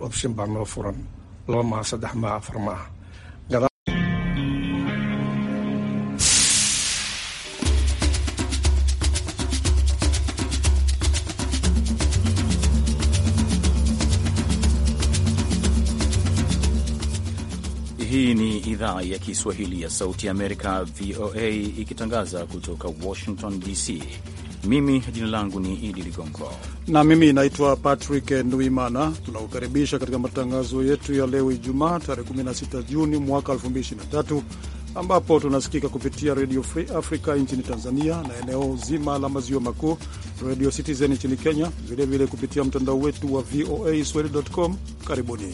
option baa noo furan laba maha saddex maha afar maha Hii ni idhaa ya Kiswahili ya Sauti ya Amerika, VOA, ikitangaza kutoka Washington DC. Mimi jina langu ni Idi Ligongo na mimi naitwa Patrick nduimana Tunakukaribisha katika matangazo yetu ya leo Ijumaa, tarehe 16 Juni mwaka 2023 ambapo tunasikika kupitia Redio Free Africa nchini Tanzania na eneo zima la maziwa makuu, Redio Citizen nchini Kenya, vilevile kupitia mtandao wetu wa VOA swahili.com. Karibuni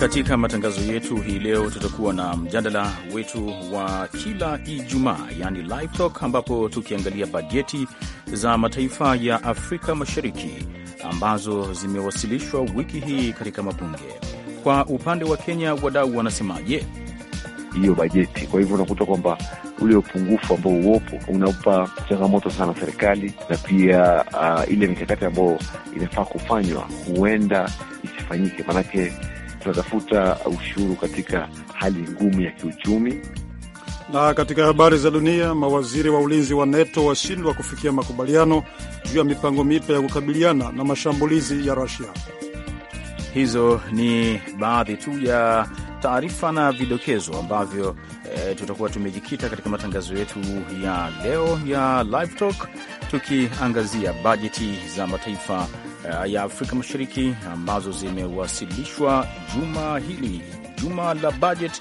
Katika matangazo yetu hii leo tutakuwa na mjadala wetu wa kila Ijumaa, yani live talk, ambapo tukiangalia bajeti za mataifa ya Afrika Mashariki ambazo zimewasilishwa wiki hii katika mabunge. Kwa upande wa Kenya, wadau wanasemaje hiyo bajeti? Kwa hivyo unakuta kwamba ule upungufu ambao uopo unaupa changamoto sana serikali, na pia uh, ile mikakati ambayo inafaa kufanywa huenda isifanyike, maanake tunatafuta ushuru katika hali ngumu ya kiuchumi. Na katika habari za dunia, mawaziri wa ulinzi wa NATO washindwa kufikia makubaliano juu ya mipango mipya ya kukabiliana na mashambulizi ya Rusia. Hizo ni baadhi tu ya taarifa na vidokezo ambavyo e, tutakuwa tumejikita katika matangazo yetu ya leo ya Live Talk tukiangazia bajeti za mataifa Eh, ya Afrika Mashariki ambazo zimewasilishwa juma hili, juma la bajeti.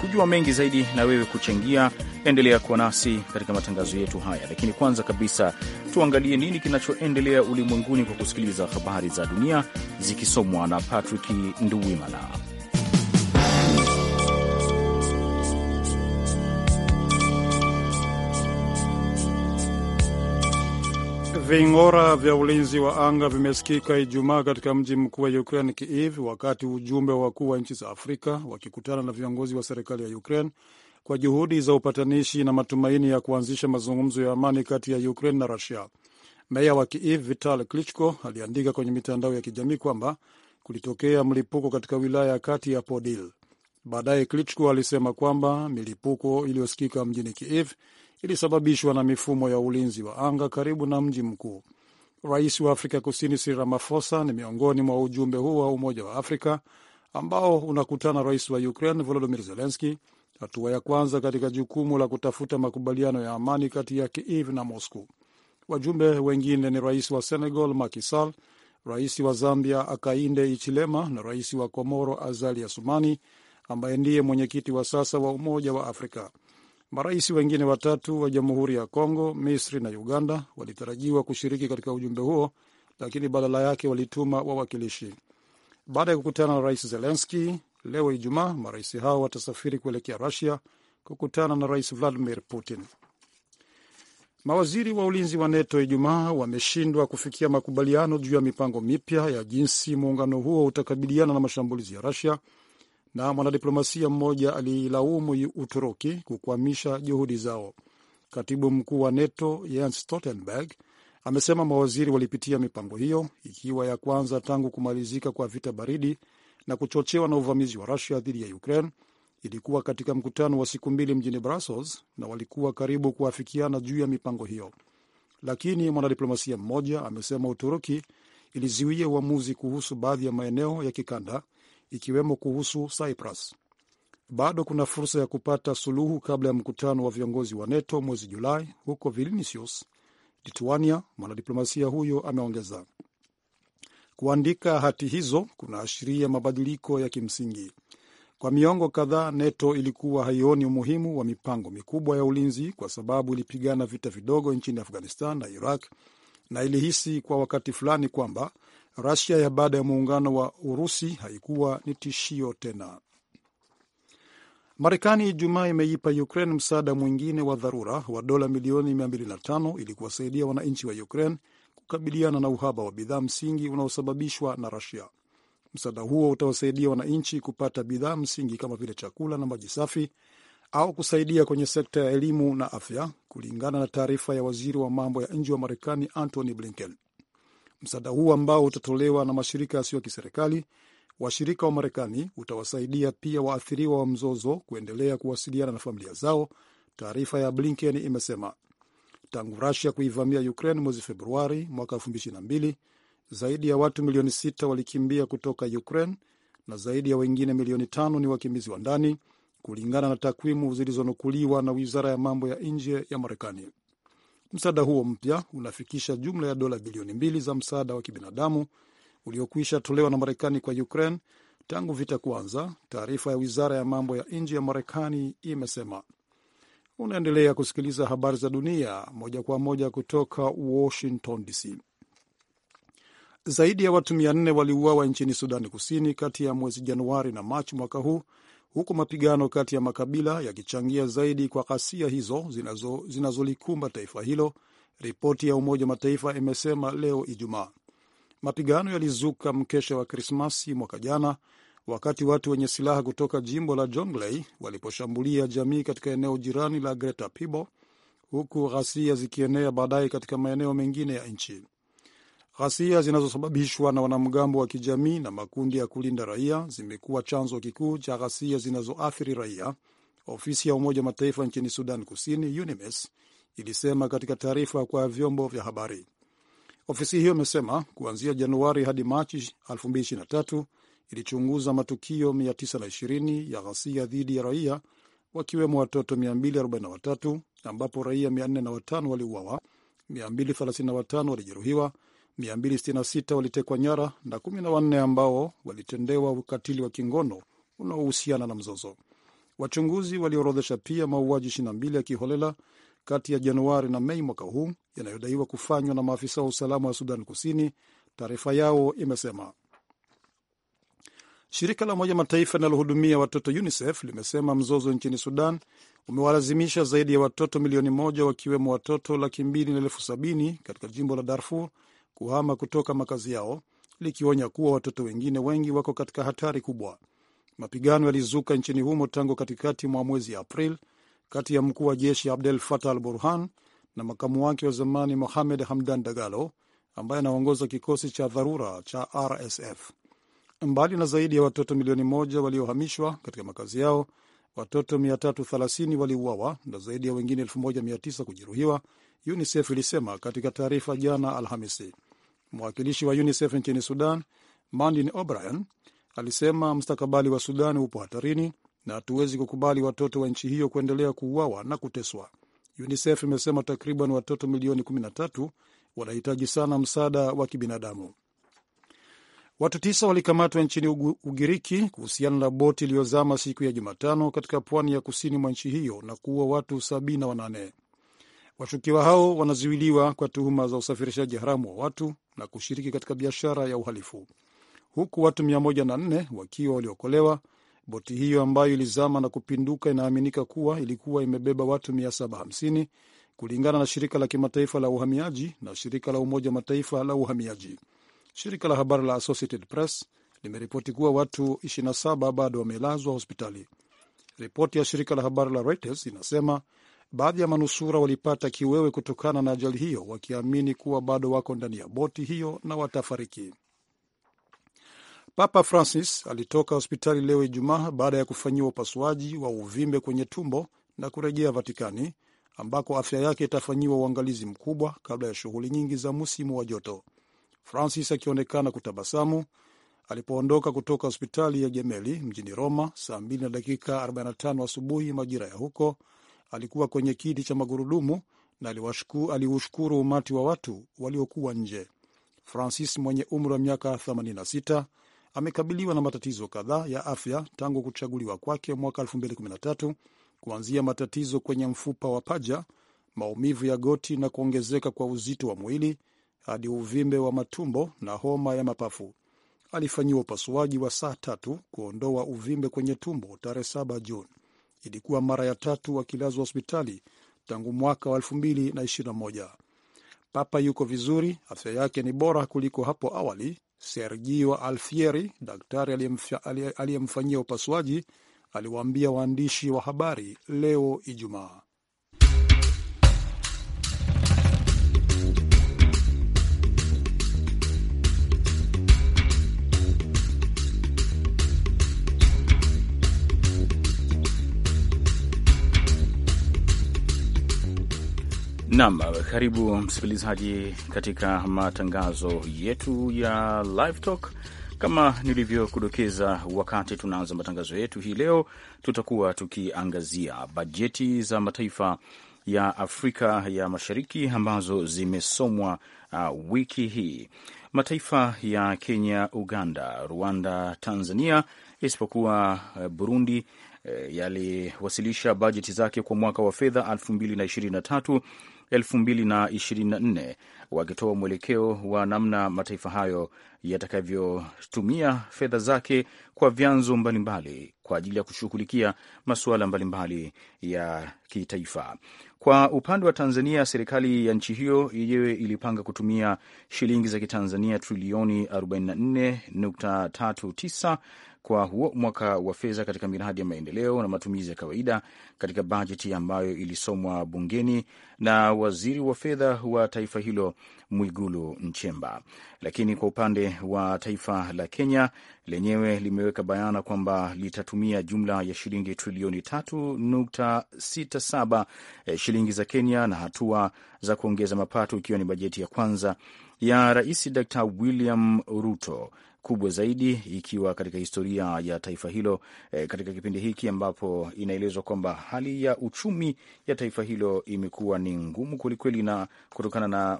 Kujua mengi zaidi na wewe kuchangia, endelea kuwa nasi katika matangazo yetu haya, lakini kwanza kabisa tuangalie nini kinachoendelea ulimwenguni kwa kusikiliza habari za dunia zikisomwa na Patrick Nduwimana. Ving'ora vya ulinzi wa anga vimesikika Ijumaa katika mji mkuu wa Ukraine, Kiev, wakati ujumbe wa wakuu wa nchi za Afrika wakikutana na viongozi wa serikali ya Ukraine kwa juhudi za upatanishi na matumaini ya kuanzisha mazungumzo ya amani kati ya Ukraine na Rusia. Meya wa Kiev Vital Klitschko aliandika kwenye mitandao ya kijamii kwamba kulitokea mlipuko katika wilaya ya kati ya Podil. Baadaye Klitschko alisema kwamba milipuko iliyosikika mjini Kiev ilisababishwa na mifumo ya ulinzi wa anga karibu na mji mkuu. Rais wa Afrika Kusini Cyril Ramaphosa ni miongoni mwa ujumbe huu wa Umoja wa Afrika ambao unakutana rais wa Ukraine Volodymyr Zelensky, hatua ya kwanza katika jukumu la kutafuta makubaliano ya amani kati ya Kiev na Moscow. Wajumbe wengine ni rais wa Senegal Macky Sall, rais wa Zambia Akainde Ichilema na rais wa Komoro Azali Asumani ambaye ndiye mwenyekiti wa sasa wa Umoja wa Afrika. Marais wengine watatu wa Jamhuri ya Kongo, Misri na Uganda walitarajiwa kushiriki katika ujumbe huo, lakini badala yake walituma wawakilishi. Baada ya kukutana na Rais Zelenski leo Ijumaa, marais hao watasafiri kuelekea Rusia kukutana na Rais Vladimir Putin. Mawaziri wa ulinzi wa NATO Ijumaa wameshindwa kufikia makubaliano juu ya mipango mipya ya jinsi muungano huo utakabiliana na mashambulizi ya Rusia na mwanadiplomasia mmoja aliilaumu Uturuki kukwamisha juhudi zao. Katibu mkuu wa NATO Jens Stoltenberg amesema mawaziri walipitia mipango hiyo, ikiwa ya kwanza tangu kumalizika kwa vita baridi na kuchochewa na uvamizi wa Rusia dhidi ya Ukraine. Ilikuwa katika mkutano wa siku mbili mjini Brussels na walikuwa karibu kuafikiana juu ya mipango hiyo, lakini mwanadiplomasia mmoja amesema Uturuki ilizuia uamuzi kuhusu baadhi ya maeneo ya kikanda ikiwemo kuhusu Cyprus. Bado kuna fursa ya kupata suluhu kabla ya mkutano wa viongozi wa NATO mwezi Julai huko Vilnius, Lituania. Mwanadiplomasia huyo ameongeza, kuandika hati hizo kunaashiria mabadiliko ya kimsingi. Kwa miongo kadhaa, NATO ilikuwa haioni umuhimu wa mipango mikubwa ya ulinzi kwa sababu ilipigana vita vidogo nchini Afghanistan na Iraq, na ilihisi kwa wakati fulani kwamba Rasia ya baada ya muungano wa Urusi haikuwa ni tishio tena. Marekani Ijumaa imeipa Ukraine msaada mwingine wa dharura wa dola milioni 205 ili kuwasaidia wananchi wa Ukraine kukabiliana na uhaba wa bidhaa msingi unaosababishwa na Rasia. Msaada huo utawasaidia wananchi kupata bidhaa msingi kama vile chakula na maji safi au kusaidia kwenye sekta ya elimu na afya, kulingana na taarifa ya waziri wa mambo ya nje wa Marekani Antony Blinken. Msaada huu ambao utatolewa na mashirika yasiyo ya kiserikali washirika wa Marekani utawasaidia pia waathiriwa wa mzozo kuendelea kuwasiliana na familia zao, taarifa ya Blinken imesema. Tangu Rusia kuivamia Ukraine mwezi Februari mwaka 2022 zaidi ya watu milioni sita walikimbia kutoka Ukraine na zaidi ya wengine milioni tano ni wakimbizi wa ndani, kulingana na takwimu zilizonukuliwa na wizara ya mambo ya nje ya Marekani. Msaada huo mpya unafikisha jumla ya dola bilioni mbili za msaada wa kibinadamu uliokwisha tolewa na Marekani kwa Ukraine tangu vita kuanza, taarifa ya wizara ya mambo ya nje ya Marekani imesema. Unaendelea kusikiliza habari za dunia moja kwa moja kutoka Washington DC. Zaidi ya watu mia nne waliuawa nchini Sudani Kusini kati ya mwezi Januari na Machi mwaka huu huku mapigano kati ya makabila yakichangia zaidi kwa ghasia hizo zinazolikumba zinazo taifa hilo, ripoti ya Umoja wa Mataifa imesema leo Ijumaa. Mapigano yalizuka mkesha wa Krismasi mwaka jana wakati watu wenye silaha kutoka jimbo la Jonglei waliposhambulia jamii katika eneo jirani la Greta Pibor, huku ghasia zikienea baadaye katika maeneo mengine ya nchi. Ghasia zinazosababishwa na wanamgambo wa kijamii na makundi ya kulinda raia zimekuwa chanzo kikuu cha ghasia zinazoathiri raia, ofisi ya Umoja Mataifa nchini Sudan Kusini, UNMISS, ilisema katika taarifa kwa vyombo vya habari. Ofisi hiyo imesema kuanzia Januari hadi Machi 2023 ilichunguza matukio 920 ya ghasia dhidi ya raia, wakiwemo watoto 243 ambapo raia 405 waliuawa, 235 walijeruhiwa 266 walitekwa nyara na 14 ambao walitendewa ukatili wa kingono unaohusiana na mzozo. Wachunguzi waliorodhesha pia mauaji 22 ya kiholela kati ya Januari na Mei mwaka huu yanayodaiwa kufanywa na maafisa wa usalama wa Sudan Kusini, taarifa yao imesema. Shirika la Umoja Mataifa linalohudumia watoto UNICEF limesema mzozo nchini Sudan umewalazimisha zaidi ya watoto milioni moja wakiwemo watoto laki mbili na elfu sabini katika jimbo la Darfur kuhama kutoka makazi yao, likionya kuwa watoto wengine wengi wako katika hatari kubwa. Mapigano yalizuka nchini humo tangu katikati mwa mwezi April kati ya mkuu wa jeshi Abdel Fatah al Burhan na makamu wake wa zamani Mohamed Hamdan Dagalo ambaye anaongoza kikosi cha dharura cha RSF. Mbali na zaidi ya watoto milioni moja waliohamishwa katika makazi yao, watoto 330 waliuawa na zaidi ya wengine 1900 kujeruhiwa, UNICEF ilisema katika taarifa jana Alhamisi. Mwakilishi wa UNICEF nchini Sudan, Mandin O'Brien, alisema mustakabali wa Sudan upo hatarini na hatuwezi kukubali watoto wa nchi hiyo kuendelea kuuawa na kuteswa. UNICEF imesema takriban watoto milioni 13 wanahitaji sana msaada wa kibinadamu. Watu tisa walikamatwa nchini Ugiriki kuhusiana na boti iliyozama siku ya Jumatano katika pwani ya kusini mwa nchi hiyo na kuua watu 7bw8 Washukiwa hao wanazuiliwa kwa tuhuma za usafirishaji haramu wa watu na kushiriki katika biashara ya uhalifu, huku watu 104 wakiwa waliokolewa. Boti hiyo ambayo ilizama na kupinduka inaaminika kuwa ilikuwa imebeba watu 750 kulingana na shirika la kimataifa la uhamiaji na shirika la Umoja Mataifa la uhamiaji. Shirika la habari la Associated Press limeripoti kuwa watu 27 bado wamelazwa hospitali. Ripoti ya shirika la habari la Reuters inasema Baadhi ya manusura walipata kiwewe kutokana na ajali hiyo, wakiamini kuwa bado wako ndani ya boti hiyo na watafariki. Papa Francis alitoka hospitali leo Ijumaa baada ya kufanyiwa upasuaji wa uvimbe kwenye tumbo na kurejea Vatikani ambako afya yake itafanyiwa uangalizi mkubwa kabla ya shughuli nyingi za msimu wa joto. Francis akionekana kutabasamu alipoondoka kutoka hospitali ya gemeli mjini Roma saa 2 na dakika 45 asubuhi majira ya huko, alikuwa kwenye kiti cha magurudumu na aliushukuru umati wa watu waliokuwa nje. Francis mwenye umri wa miaka 86 amekabiliwa na matatizo kadhaa ya afya tangu kuchaguliwa kwake mwaka 2013, kuanzia matatizo kwenye mfupa wa paja, maumivu ya goti na kuongezeka kwa uzito wa mwili hadi uvimbe wa matumbo na homa ya mapafu. Alifanyiwa upasuaji wa saa tatu kuondoa uvimbe kwenye tumbo tarehe 7 Juni ilikuwa mara ya tatu akilazwa hospitali tangu mwaka wa 2021. Papa yuko vizuri, afya yake ni bora kuliko hapo awali, Sergio Alfieri, daktari aliyemfanyia upasuaji, aliwaambia waandishi wa habari leo Ijumaa. Nam, karibu msikilizaji katika matangazo yetu ya Live Talk. Kama nilivyokudokeza wakati tunaanza matangazo yetu hii leo, tutakuwa tukiangazia bajeti za mataifa ya Afrika ya Mashariki ambazo zimesomwa uh, wiki hii. Mataifa ya Kenya, Uganda, Rwanda, Tanzania isipokuwa uh, Burundi uh, yaliwasilisha bajeti zake kwa mwaka wa fedha 2023 2024 wakitoa mwelekeo wa namna mataifa hayo yatakavyotumia fedha zake kwa vyanzo mbalimbali kwa ajili ya kushughulikia masuala mbalimbali ya kitaifa. Kwa upande wa Tanzania, serikali ya nchi hiyo yenyewe ilipanga kutumia shilingi za kitanzania trilioni 44.39 kwa huo mwaka wa fedha katika miradi ya maendeleo na matumizi ya kawaida katika bajeti ambayo ilisomwa bungeni na waziri wa fedha wa taifa hilo Mwigulu Nchemba. Lakini kwa upande wa taifa la Kenya lenyewe limeweka bayana kwamba litatumia jumla ya shilingi trilioni 3.67 eh, shilingi za Kenya na hatua za kuongeza mapato, ikiwa ni bajeti ya kwanza ya Rais Dr William Ruto kubwa zaidi ikiwa katika historia ya taifa hilo e, katika kipindi hiki ambapo inaelezwa kwamba hali ya uchumi ya taifa hilo imekuwa ni ngumu kwelikweli, na kutokana na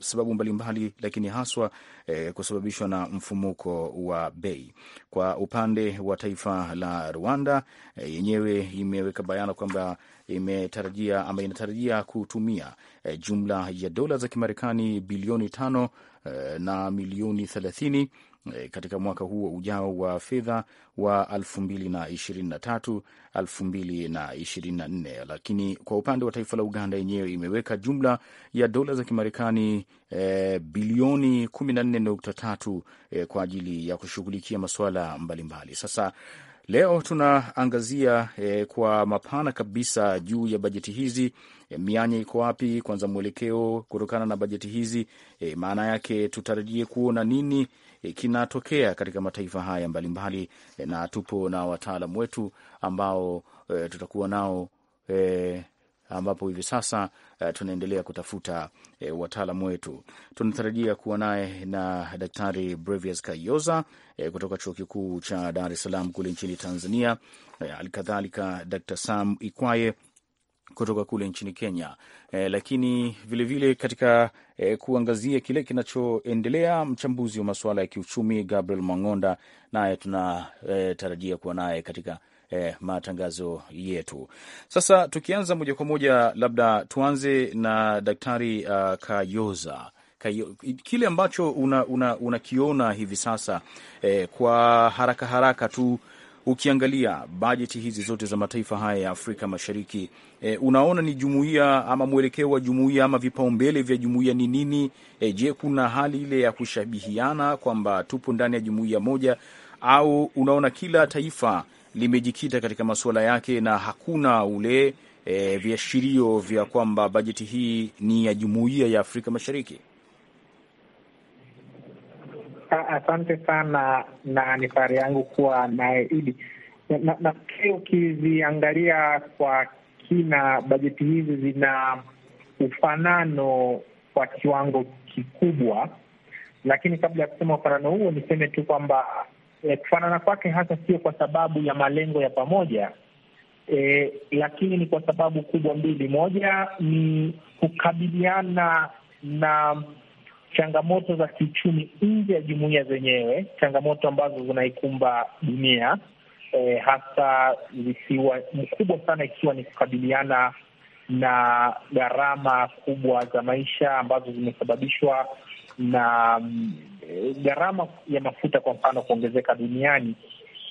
sababu mbalimbali mbali, lakini haswa eh, kusababishwa na mfumuko wa bei. Kwa upande wa taifa la Rwanda eh, yenyewe imeweka bayana kwamba imetarajia ama inatarajia kutumia eh, jumla ya dola za Kimarekani bilioni tano eh, na milioni thelathini e, katika mwaka huo ujao wa fedha wa 2023 2024. Lakini kwa upande wa taifa la Uganda yenyewe imeweka jumla ya dola za Kimarekani e, bilioni 14.3 e, eh, kwa ajili ya kushughulikia masuala mbalimbali mbali. Sasa Leo tunaangazia e, kwa mapana kabisa juu ya bajeti hizi eh, mianya iko wapi, kwanza mwelekeo kutokana na bajeti hizi e, maana yake tutarajie kuona nini Eh, kinatokea katika mataifa haya mbalimbali mbali, eh, na tupo na wataalam wetu ambao e, tutakuwa nao e, ambapo hivi sasa uh, tunaendelea kutafuta uh, wataalamu wetu. Tunatarajia kuwa naye na Daktari Brevias Kayoza uh, kutoka chuo kikuu cha Dar es Salaam kule nchini Tanzania, halikadhalika uh, Dr Sam Ikwaye kutoka kule nchini Kenya eh, lakini vilevile vile katika eh, kuangazia kile kinachoendelea, mchambuzi wa masuala ya kiuchumi Gabriel Mang'onda naye tunatarajia eh, kuwa naye katika eh, matangazo yetu. Sasa tukianza moja kwa moja, labda tuanze na Daktari uh, Kayoza Kayo, kile ambacho unakiona una, una hivi sasa eh, kwa haraka haraka tu ukiangalia bajeti hizi zote za mataifa haya ya Afrika Mashariki e, unaona ni jumuiya ama mwelekeo wa jumuiya ama vipaumbele vya jumuiya ni nini? E, je, kuna hali ile ya kushabihiana kwamba tupo ndani ya jumuiya moja au unaona kila taifa limejikita katika masuala yake na hakuna ule e, viashirio vya kwamba bajeti hii ni ya jumuiya ya Afrika Mashariki? Asante sana, na ni fahari yangu kuwa naye Idi. Nafikiri na, ukiziangalia kwa kina bajeti hizi zina ufanano kwa kiwango kikubwa, lakini kabla ya kusema ufanano huo, niseme tu kwamba e, kufanana kwake hasa sio kwa sababu ya malengo ya pamoja e, lakini ni kwa sababu kubwa mbili. Moja ni kukabiliana na changamoto za kiuchumi nje ya jumuia zenyewe, changamoto ambazo zinaikumba dunia e, hasa zikiwa mkubwa sana, ikiwa ni kukabiliana na gharama kubwa za maisha ambazo zimesababishwa na eh, gharama ya mafuta kwa mfano kuongezeka duniani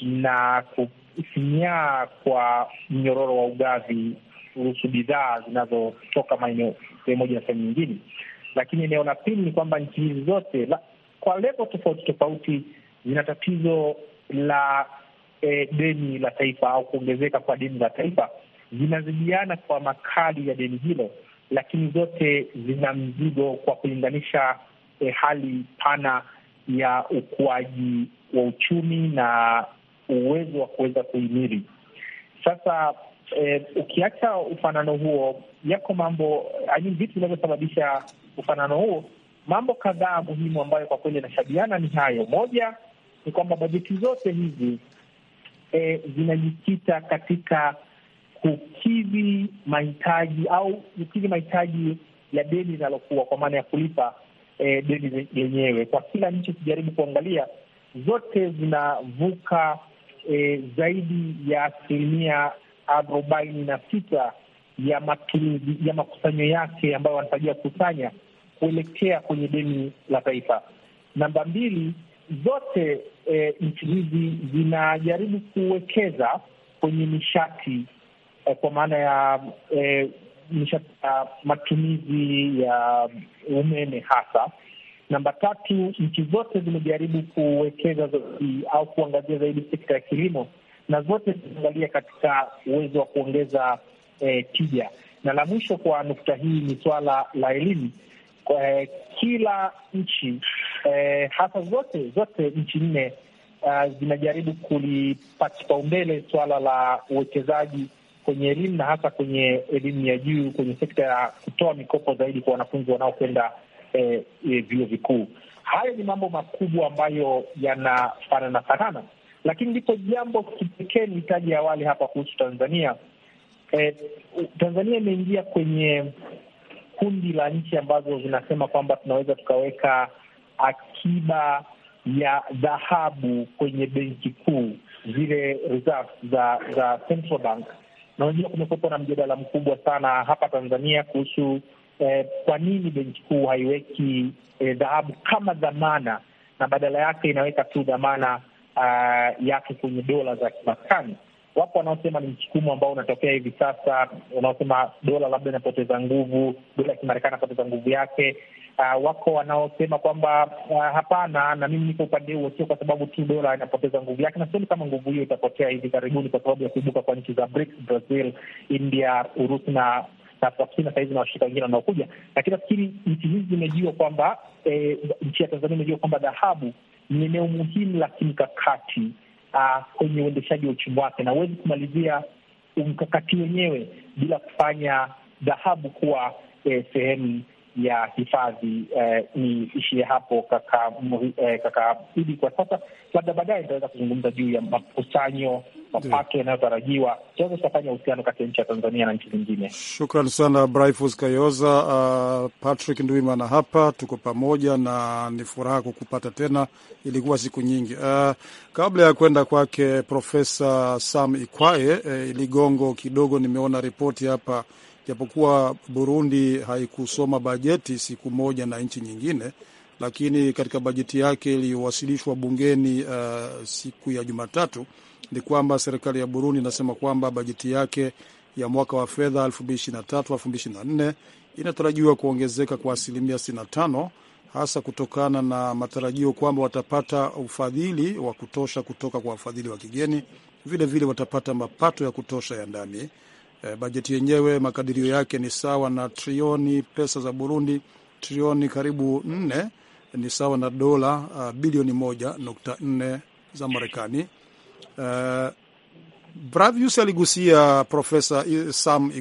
na kusinyaa kwa mnyororo wa ugavi kuhusu bidhaa zinazotoka maeneo sehemu moja na sehemu nyingine. Lakini eneo la pili ni kwamba nchi hizi zote la, kwa levo tofauti tofauti zina tatizo la e, deni la taifa au kuongezeka kwa deni la taifa. Zinazidiana kwa makali ya deni hilo, lakini zote zina mzigo kwa kulinganisha e, hali pana ya ukuaji wa uchumi na uwezo wa kuweza kuhimili. Sasa E, ukiacha ufanano huo, yako mambo vitu vinavyosababisha ufanano huo, mambo kadhaa muhimu ambayo kwa kweli yanashabiana ni hayo. Moja ni kwamba bajeti zote hizi e, zinajikita katika kukidhi mahitaji au kukidhi mahitaji ya deni linalokuwa, kwa maana ya kulipa e, deni lenyewe. Kwa kila nchi ukijaribu kuangalia, zote zinavuka e, zaidi ya asilimia arobaini na sita ya matumizi ya makusanyo yake ambayo wanatarajia kukusanya kuelekea kwenye deni la taifa. Namba mbili, zote e, nchi hizi zinajaribu kuwekeza kwenye nishati e, kwa maana ya e, nishati ya ah, matumizi ya umeme hasa. Namba tatu, nchi zote zimejaribu kuwekeza zaidi au kuangazia zaidi sekta ya kilimo, na zote zinaangalia katika uwezo wa kuongeza eh, tija. Na la mwisho kwa nukta hii ni suala la elimu. Eh, kila nchi eh, hasa zote zote nchi nne uh, zinajaribu kulipa kipaumbele suala la uwekezaji kwenye elimu na hasa kwenye elimu ya juu, kwenye sekta ya kutoa mikopo zaidi kwa wanafunzi wanaokwenda eh, eh, vyuo vikuu. Hayo ni mambo makubwa ambayo yanafanana fanana, lakini lipo jambo kipekee nitaji awali hapa kuhusu Tanzania eh, Tanzania imeingia kwenye kundi la nchi ambazo zinasema kwamba tunaweza tukaweka akiba ya dhahabu kwenye benki kuu, zile reserves za za central bank, na unajua kumekuwepo na mjadala mkubwa sana hapa Tanzania kuhusu eh, kwa nini benki kuu haiweki eh, dhahabu kama dhamana na badala yake inaweka tu dhamana uh, yake kwenye dola za kimaskani. Wapo wanaosema ni msukumo ambao unatokea hivi sasa, wanaosema dola labda inapoteza nguvu, dola ya Kimarekani inapoteza nguvu yake. Uh, ah, wako wanaosema kwamba uh, hapana, na mimi niko upande huo, sio kwa sababu tu dola inapoteza nguvu yake, na sioni kama nguvu hiyo itapotea hivi karibuni kwa sababu ya kuibuka kwa nchi za BRICS, Brazil, India, Urusi na na sahizi na washirika wengine wanaokuja, lakini nafikiri nchi hizi zimejua kwamba, e, nchi ya Tanzania imejua kwamba dhahabu ni eneo muhimu la kimkakati uh, kwenye uendeshaji wa uchumi wake, na huwezi kumalizia mkakati wenyewe bila kufanya dhahabu kuwa eh, sehemu ya hifadhi eh, ni ishie hapo kaka eh, kaka Idi, kwa sasa. Labda baadaye nitaweza kuzungumza juu ya makusanyo mapato yanayotarajiwa chanzo kutafanya uhusiano kati ya nchi ya Tanzania na nchi zingine. Shukran sana Brifus Kayoza. Uh, Patrick Ndwimana hapa tuko pamoja na ni furaha kukupata tena, ilikuwa siku nyingi. Uh, kabla ya kwenda kwake Profesa Sam ikwae eh, Ligongo, kidogo nimeona ripoti hapa japokuwa Burundi haikusoma bajeti siku moja na nchi nyingine, lakini katika bajeti yake iliyowasilishwa bungeni uh, siku ya Jumatatu ni kwamba serikali ya Burundi inasema kwamba bajeti yake ya mwaka wa fedha 2023/2024 inatarajiwa kuongezeka kwa asilimia 65 hasa kutokana na matarajio kwamba watapata ufadhili wa kutosha kutoka kwa wafadhili wa kigeni. Vilevile vile watapata mapato ya kutosha ya ndani. E, bajeti yenyewe makadirio yake ni sawa na trilioni pesa za Burundi, trilioni karibu nne ni sawa na dola uh, bilioni moja nukta nne za Marekani. Uh, Bravius aligusia Profesa Sam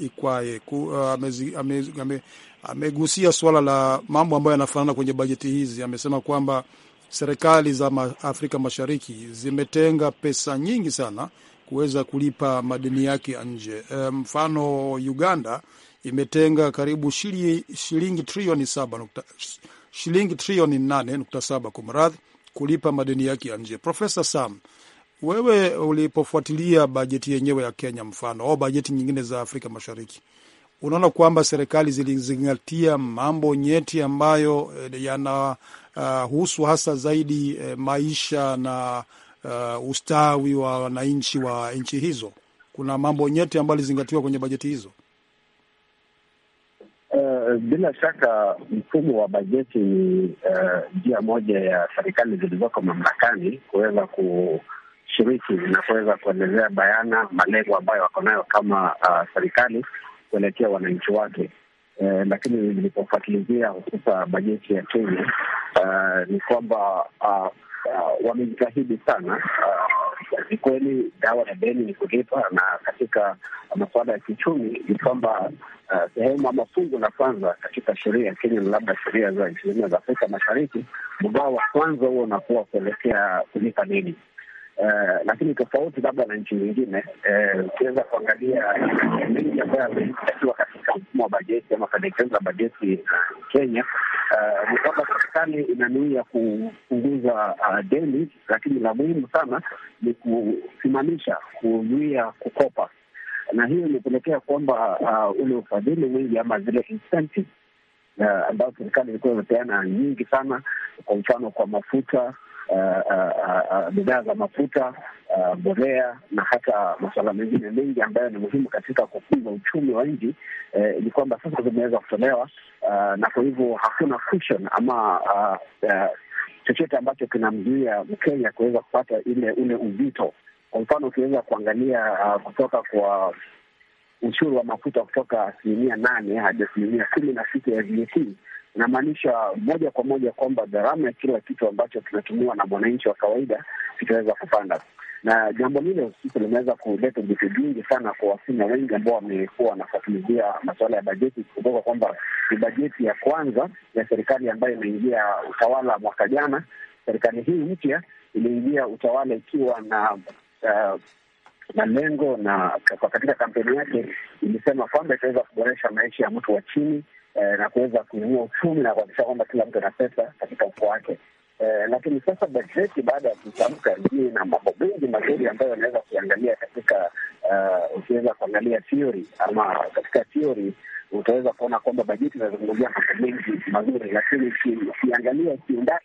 Ikwaye ah, amegusia suala la mambo ambayo yanafanana kwenye bajeti hizi. Amesema kwamba serikali za Afrika Mashariki zimetenga pesa nyingi sana kuweza kulipa madeni yake ya nje. Eh, mfano, Uganda imetenga karibu shilingi trilioni saba nukta shilingi trilioni nane nukta saba kwa mradhi kulipa madeni yake ya nje. Profesa Sam, wewe ulipofuatilia bajeti yenyewe ya Kenya mfano au bajeti nyingine za Afrika Mashariki, unaona kwamba serikali zilizingatia mambo nyeti ambayo eh, yanahusu ah, uh, hasa zaidi uh, maisha na uh, ustawi wa wananchi wa nchi hizo? Kuna mambo nyeti ambayo lizingatiwa kwenye bajeti hizo? Uh, bila shaka mfumo wa bajeti ni uh, njia uh, moja ya serikali zilizoko mamlakani kuweza kushiriki na kuweza kuelezea bayana malengo ambayo wako nayo kama uh, serikali kuelekea wananchi wake. Uh, lakini nilipofuatilizia hususa bajeti ya Kenya uh, ni kwamba uh, uh, wamejitahidi sana. Ni uh, kweli dawa ya deni ni kulipa, na katika masuala ya kiuchumi ni kwamba uh, sehemu ama fungu la kwanza katika sheria ya Kenya na labda sheria za nchi za Afrika Mashariki, mgao wa kwanza huo unakuwa kuelekea kulipa deni Eh, lakini tofauti labda na nchi nyingine eh, ukiweza kuangalia mengi ambayo yametakiwa katika mfumo wa bajeti ama pendekezo la bajeti uh, Kenya ni kwamba serikali ina ya kupunguza deni, lakini la muhimu sana ni kusimamisha, kuzuia kukopa, na hiyo imepelekea kwamba ule ufadhili mwingi ama zile incentive ambayo serikali ilikuwa imepeana nyingi sana, kwa mfano kwa mafuta Eh, eh, eh, bidhaa za mafuta, mbolea na hata masuala mengine mengi ambayo ni muhimu katika kukuza uchumi wa nchi, ni kwamba sasa zimeweza kutolewa, na kwa hivyo hakuna friction ama chochote ambacho kinamzuia Mkenya kuweza kupata ile ule uzito. Kwa mfano, ukiweza kuangalia kutoka kwa ushuru wa mafuta kutoka asilimia nane hadi asilimia kumi na sita ya VAT inamaanisha moja kwa moja kwamba gharama ya kila kitu ambacho kinatumiwa na mwananchi wa kawaida kitaweza kupanda, na jambo lile usiku limeweza kuleta vitu vingi sana kwa wasinya wengi ambao wamekuwa wanafuatilia masuala ya bajeti, kutoka kwamba ni bajeti ya kwanza ya serikali ambayo imeingia utawala mwaka jana. Serikali hii mpya iliingia utawala ikiwa na uh, na lengo na katika kampeni yake ilisema kwamba itaweza kuboresha maisha ya mtu wa chini eh, na kuweza kuinua uchumi na kuhakikisha kwamba kila mtu ana pesa katika mfuko wake. Eh, lakini sasa bajeti baada ya kutamka hii na mambo mengi mazuri ambayo yanaweza kuangalia katika uh, ukiweza kuangalia theory ama katika theory utaweza kuona kwamba bajeti inazungumzia mambo mengi mazuri, lakini ukiangalia kiundani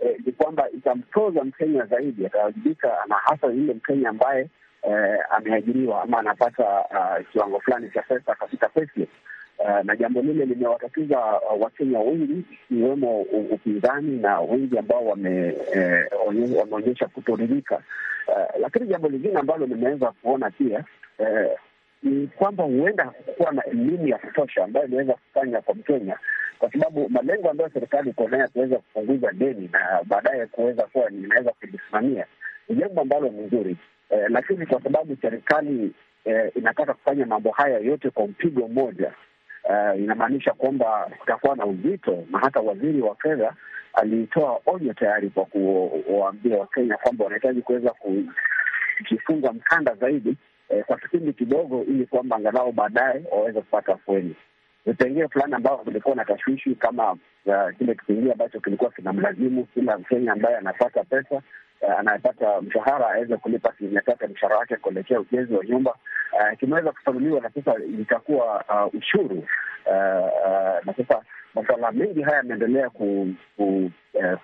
eh, kwamba itamtoza Mkenya zaidi, atawajibika na hasa yule Mkenya ambaye eh, ameajiriwa ama anapata uh, kiwango fulani cha pesa katika payslip Eh, na jambo lile limewatatiza uh, Wakenya wengi ikiwemo upinzani na wengi ambao eh, wameonyesha eh, kutoridhika. Uh, lakini jambo lingine ambalo limeweza kuona pia eh, ni kwamba huenda kuwa na elimu ya kutosha ambayo imeweza kufanya kwa Mkenya, kwa sababu malengo ambayo serikali iko nayo kuweza kupunguza deni na baadaye kuweza kuwa inaweza kulisimamia ni jambo ambalo ni nzuri eh, lakini kwa sababu serikali eh, inataka kufanya mambo haya yote kwa mpigo mmoja uh, inamaanisha kwamba kutakuwa na uzito, na hata waziri wa fedha alitoa onyo tayari kwa kuwaambia Wakenya kwamba wanahitaji kuweza kujifunga mkanda zaidi eh, kwa kipindi kidogo, ili kwamba angalau baadaye waweze kupata afueni. Vipengee fulani ambavyo vilikuwa na tashwishi kama uh, kile kipengee ambacho kilikuwa kinamlazimu kila Mkenya ambaye anapata pesa uh, eh, anayepata mshahara aweze kulipa asilimia tatu ya mshahara wake kuelekea ujenzi wa nyumba uh, kimeweza kufanuliwa na sasa itakuwa uh, ushuru uh, uh, na sasa masuala mengi haya yameendelea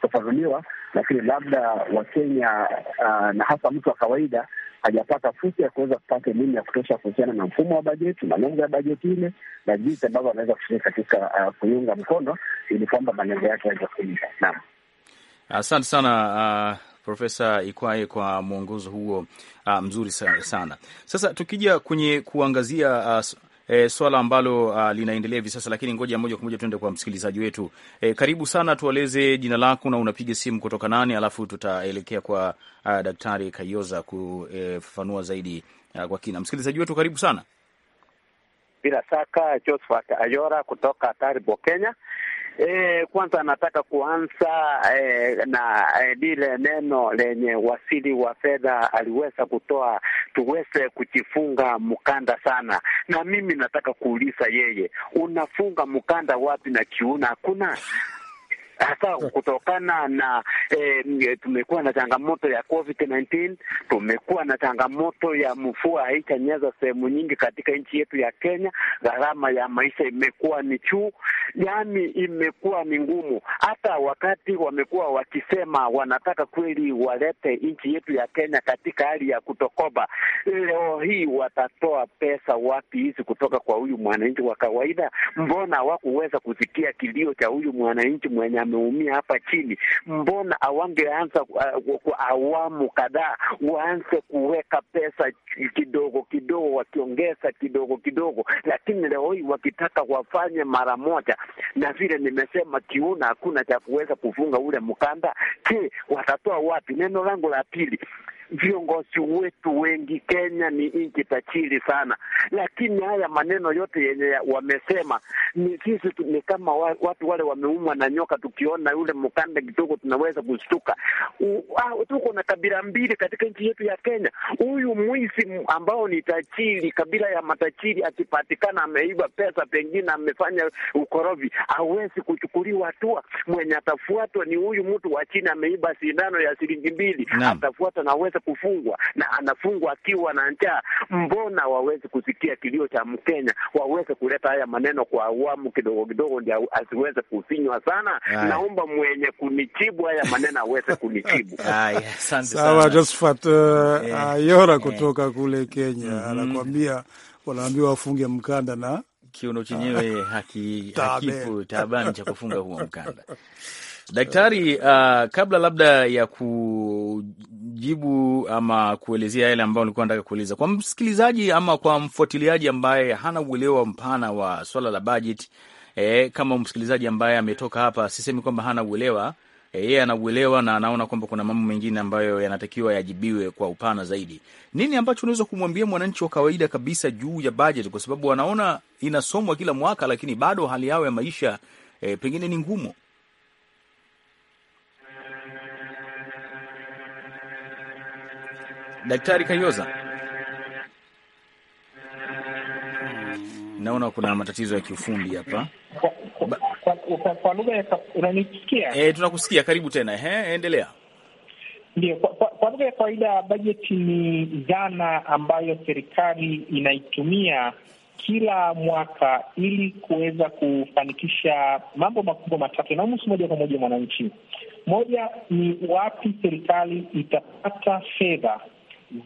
kufafanuliwa ku, uh, lakini labda Wakenya uh, na hasa mtu wa kawaida hajapata fursa ya kuweza kupata elimu ya kutosha kuhusiana na mfumo wa bajeti, malengo ya bajeti ile na jinsi ambavyo anaweza kushiriki katika uh, kuiunga mkono ili kwamba malengo yake yaweze kuiga. Naam, asante sana uh, Profesa Ikwaye kwa mwongozo huo uh, mzuri sana. Sasa tukija kwenye kuangazia uh, E, swala ambalo uh, linaendelea hivi sasa, lakini ngoja moja kwa moja tuende kwa msikilizaji wetu. E, karibu sana, tueleze jina lako na unapiga simu kutoka nani, alafu tutaelekea kwa uh, Daktari Kayoza kufafanua zaidi uh, kwa kina. Msikilizaji wetu karibu sana. Bila shaka Josephat Ayora kutoka Taribo, Kenya eh, kwanza nataka kuanza eh, na e, lile eh, neno lenye wasili wa fedha aliweza kutoa tuweze kujifunga mkanda sana, na mimi nataka kuuliza yeye, unafunga mkanda wapi na kiuna hakuna hasa kutokana na eh, eh, tumekuwa na changamoto ya COVID-19, tumekuwa na changamoto ya mvua haichanyaza sehemu nyingi katika nchi yetu ya Kenya. Gharama ya maisha imekuwa ni juu, yani imekuwa ni ngumu. Hata wakati wamekuwa wakisema wanataka kweli walete nchi yetu ya Kenya katika hali ya kutokoba, leo hii watatoa pesa wapi hizi kutoka kwa huyu mwananchi wa kawaida? Mbona wakuweza kusikia kilio cha huyu mwananchi mwenye wameumia hapa chini, mbona awangeanza uh, awamu kadhaa, waanze kuweka pesa kidogo kidogo, wakiongeza kidogo kidogo, lakini leo hii wakitaka wafanye mara moja, na vile nimesema kiuna hakuna cha kuweza kufunga ule mkanda. Je, watatoa wapi? Neno langu la pili viongozi wetu wengi. Kenya ni nchi tajiri sana, lakini haya maneno yote yenye wamesema ni sisi ni kama wa, watu wale wameumwa na nyoka, tukiona yule mkande kidogo tunaweza kushtuka. Uh, tuko na kabila mbili katika nchi yetu ya Kenya. Huyu mwizi ambao ni tajiri, kabila ya matajiri, akipatikana ameiba pesa, pengine amefanya ukorovi, hawezi kuchukuliwa hatua. Mwenye atafuatwa ni huyu mtu wa chini, ameiba sindano ya shilingi mbili, atafuata na anaweza kufungwa na anafungwa akiwa na njaa, mbona wawezi kusikia kilio cha Mkenya? Waweze kuleta haya maneno kwa awamu kidogo kidogo, ndio asiweze kufinywa sana. Aye. Naomba mwenye kunijibu haya maneno aweze kunijibu. Sawa, Josephat uh, eh, Ayora eh. kutoka kule Kenya mhm. anakuambia wanaambiwa wafunge mkanda na kiuno chenyewe hakipo taabani cha kufunga huo mkanda. Daktari, uh, kabla labda ya kujibu ama kuelezea yale ambayo nilikuwa nataka kueleza kwa msikilizaji ama kwa mfuatiliaji ambaye hana uelewa mpana wa swala la bajeti e, eh, kama msikilizaji ambaye ametoka hapa, sisemi kwamba hana uelewa eh, yeye e, anauelewa na anaona kwamba kuna mambo mengine ambayo yanatakiwa yajibiwe kwa upana zaidi. Nini ambacho unaweza kumwambia mwananchi wa kawaida kabisa juu ya bajeti, kwa sababu wanaona inasomwa kila mwaka, lakini bado hali yao ya maisha e, pengine ni ngumu? Daktari Kayoza, naona kuna matatizo ya kiufundi hapa kwa lugha. Unanisikia? Eh, tunakusikia. Karibu tena. Ehe, endelea. Ndio, kwa lugha ya kawaida bajeti ni dhana ambayo serikali inaitumia kila mwaka ili kuweza kufanikisha mambo makubwa matatu yanayohusu moja kwa moja mwananchi. Moja ni wapi serikali itapata fedha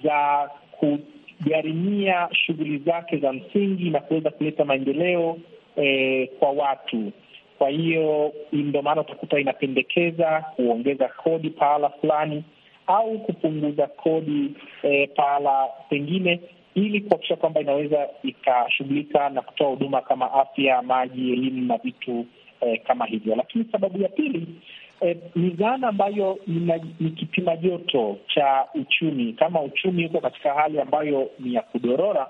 za kugharimia shughuli zake za msingi na kuweza kuleta maendeleo eh, kwa watu. Kwa hiyo ndio maana utakuta inapendekeza kuongeza kodi pahala fulani au kupunguza kodi eh, pahala pengine ili kuhakikisha kwamba inaweza ikashughulika na kutoa huduma kama afya, maji, elimu na vitu eh, kama hivyo. Lakini sababu ya pili Eh, ni ambayo ni kipima joto cha uchumi. Kama uchumi uko katika hali ambayo ni ya kudorora,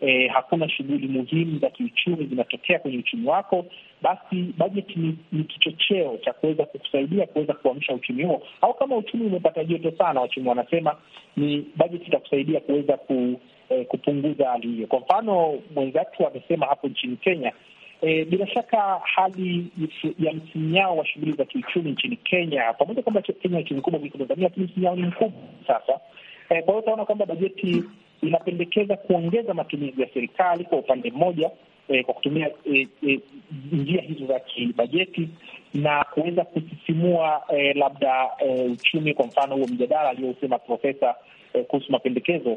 e, hakuna shughuli muhimu za kiuchumi zinatokea kwenye uchumi wako, basi bajeti ni, ni kichocheo cha kuweza kukusaidia kuweza kuamsha uchumi huo. Au kama uchumi umepata joto sana, wachumi wanasema ni bajeti itakusaidia kuweza ku, eh, kupunguza hali hiyo. Kwa mfano, mwenzatu amesema hapo nchini Kenya E, bila shaka hali ya msinyao wa shughuli za kiuchumi nchini Kenya, pamoja kwamba Kenya ni mkubwa kuliko Tanzania, lakini msinyao ni mkubwa sasa. E, kwa hiyo utaona kwamba bajeti inapendekeza kuongeza matumizi ya serikali kwa upande mmoja e, kwa kutumia e, e, njia hizo za kibajeti na kuweza kusisimua e, labda e, uchumi. Kwa mfano huo mjadala aliyosema profesa e, kuhusu mapendekezo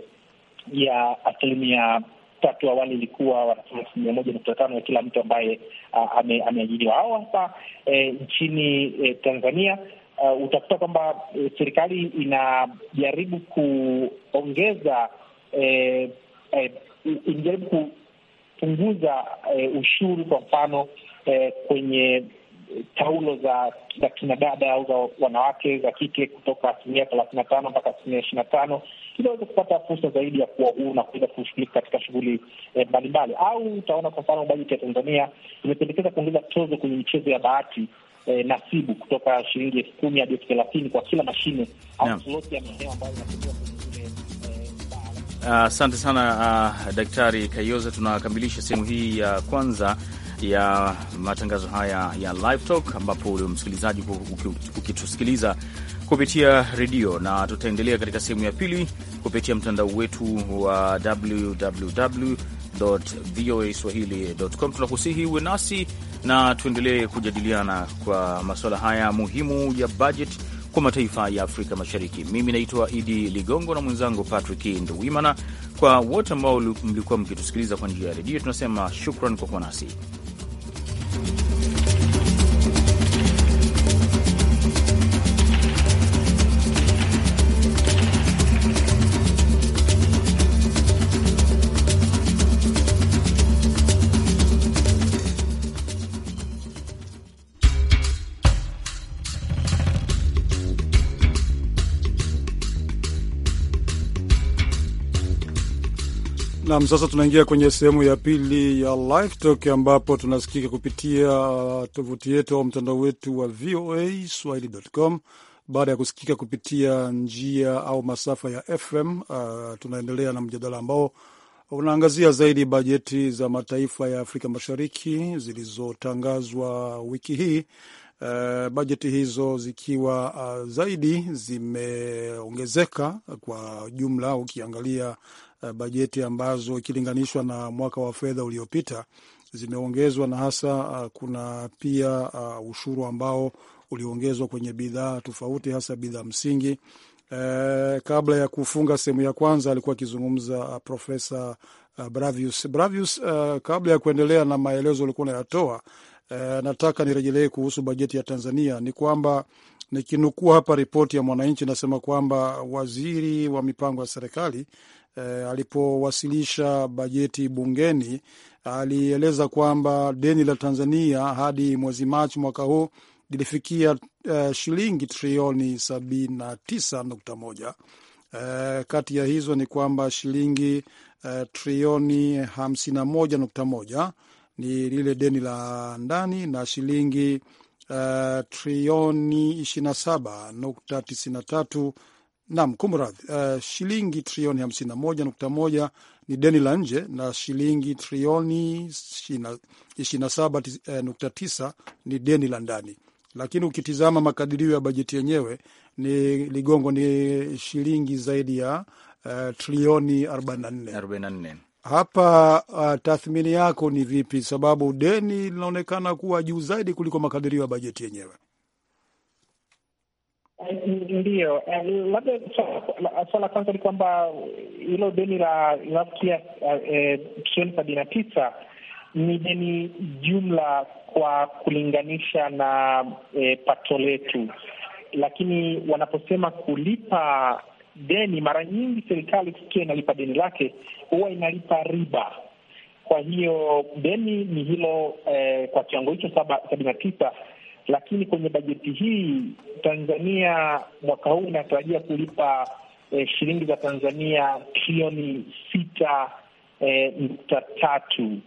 ya asilimia tatu awali ilikuwa wanasema asilimia moja nukta tano ya kila mtu ambaye ameajiriwa. au hapa e, nchini e, Tanzania uh, utakuta kwamba e, serikali inajaribu kuongeza e, e, inajaribu kupunguza e, ushuru kwa mfano e, kwenye taulo za, za kinadada au za wanawake za kike kutoka asilimia thelathini na tano mpaka asilimia ishirini na tano ili waweze kupata fursa zaidi ya kuwa huru na kuweza kushiriki katika shughuli eh, mbalimbali. Au utaona kwa mfano bajeti ya Tanzania imependekeza kuongeza tozo kwenye michezo ya bahati eh, nasibu kutoka shilingi elfu kumi hadi elfu thelathini kwa kila mashine au sloti ya maeneo ambayo inatumia eh, Asante uh, sana uh, Daktari Kayoza. Tunakamilisha sehemu hii ya uh, kwanza ya matangazo haya ya Live Talk ambapo msikilizaji ukitusikiliza uki, uki kupitia redio na tutaendelea katika sehemu ya pili kupitia mtandao wetu wa www voa swahili.com. Tunakusihi uwe nasi na tuendelee kujadiliana kwa masuala haya muhimu ya bajeti kwa mataifa ya Afrika Mashariki. Mimi naitwa Idi Ligongo na mwenzangu Patrick Nduwimana. Kwa wote ambao mlikuwa mkitusikiliza kwa njia ya redio, tunasema shukran kwa kuwa nasi. Nam, sasa tunaingia kwenye sehemu ya pili ya Live Talk ambapo tunasikika kupitia uh, tovuti yetu au mtandao wetu wa VOA Swahili.com baada ya kusikika kupitia njia au masafa ya FM. Uh, tunaendelea na mjadala ambao unaangazia zaidi bajeti za mataifa ya Afrika Mashariki zilizotangazwa wiki hii. Uh, bajeti hizo zikiwa uh, zaidi zimeongezeka kwa jumla, ukiangalia Eh, bajeti ambazo ikilinganishwa na mwaka wa fedha uliopita zimeongezwa, na hasa eh, kuna pia eh, ushuru ambao uliongezwa kwenye bidhaa tofauti, hasa bidhaa msingi. Eh, kabla ya kufunga sehemu ya kwanza alikuwa akizungumza uh, Profesa uh, Bravius Bravius. Uh, kabla ya kuendelea na maelezo ulikuwa unayatoa, uh, nataka nirejelee kuhusu bajeti ya Tanzania. Ni kwamba nikinukuu hapa ripoti ya Mwananchi nasema kwamba waziri wa mipango ya serikali eh, alipowasilisha bajeti bungeni alieleza kwamba deni la Tanzania hadi mwezi Machi mwaka huu lilifikia uh, shilingi trilioni 79.1. Uh, eh, kati ya hizo ni kwamba shilingi uh, trilioni 51.1 ni lile deni la ndani na shilingi uh, trilioni 27.93 Naam, kumradhi. Uh, shilingi trilioni hamsini na moja nukta moja ni deni la nje na shilingi trilioni ishirini na saba uh, nukta tisa ni deni la ndani, lakini ukitizama makadirio ya bajeti yenyewe ni ligongo ni shilingi zaidi ya uh, trilioni arobaini na nne. Hapa uh, tathmini yako ni vipi? Sababu deni linaonekana kuwa juu zaidi kuliko makadirio ya bajeti yenyewe. Ndiyo, eh, labda swala la kwanza ni kwamba hilo deni la inaofikia eh, trilioni sabini na tisa ni deni jumla kwa kulinganisha na eh, pato letu, lakini wanaposema kulipa deni, mara nyingi serikali ikiwa inalipa deni lake huwa inalipa riba. Kwa hiyo deni ni hilo eh, kwa kiwango hicho sabini na tisa lakini kwenye bajeti hii Tanzania mwaka huu inatarajia kulipa eh, shilingi za Tanzania trilioni sita eh, nukta tatu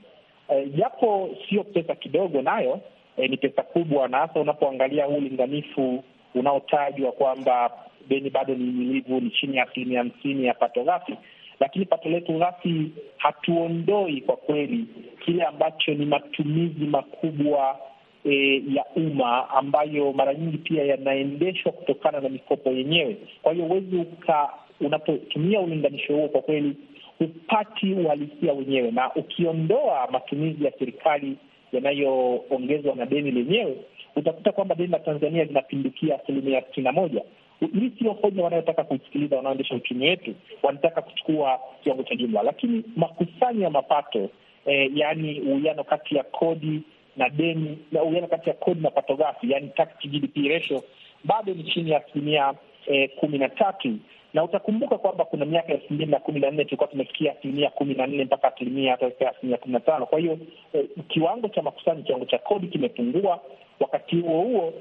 eh, japo eh, sio pesa kidogo, nayo eh, ni pesa kubwa, na hasa unapoangalia huu ulinganifu unaotajwa kwamba deni bado ni milivu, ni chini ya asilimia hamsini ya pato ghafi lakini pato letu ghafi hatuondoi kwa kweli kile ambacho ni matumizi makubwa e, ya umma ambayo mara nyingi pia yanaendeshwa kutokana na mikopo yenyewe. Kwa hiyo huwezi uka, unapotumia ulinganisho huo, kwa kweli hupati uhalisia wenyewe, na ukiondoa matumizi ya serikali yanayoongezwa na deni lenyewe, utakuta kwamba deni la Tanzania linapindukia asilimia sitini na moja. hili sio hoja wanayotaka kuisikiliza wanaoendesha uchumi wetu, wanataka kuchukua kiwango cha jumla, lakini makusanyo ya mapato eh, yaani uwiano kati ya kodi na deni na uwiano kati ya kodi na pato ghafi, yani tax to GDP ratio bado ni chini ya asilimia eh, kumi na tatu na utakumbuka kwamba kuna miaka elfu mbili na kumi na nne tulikuwa tumefikia asilimia kumi na nne mpaka asilimia hata asilimia kumi na tano. Kwa hiyo eh, kiwango cha makusanyo, kiwango cha kodi kimepungua. Wakati huo huo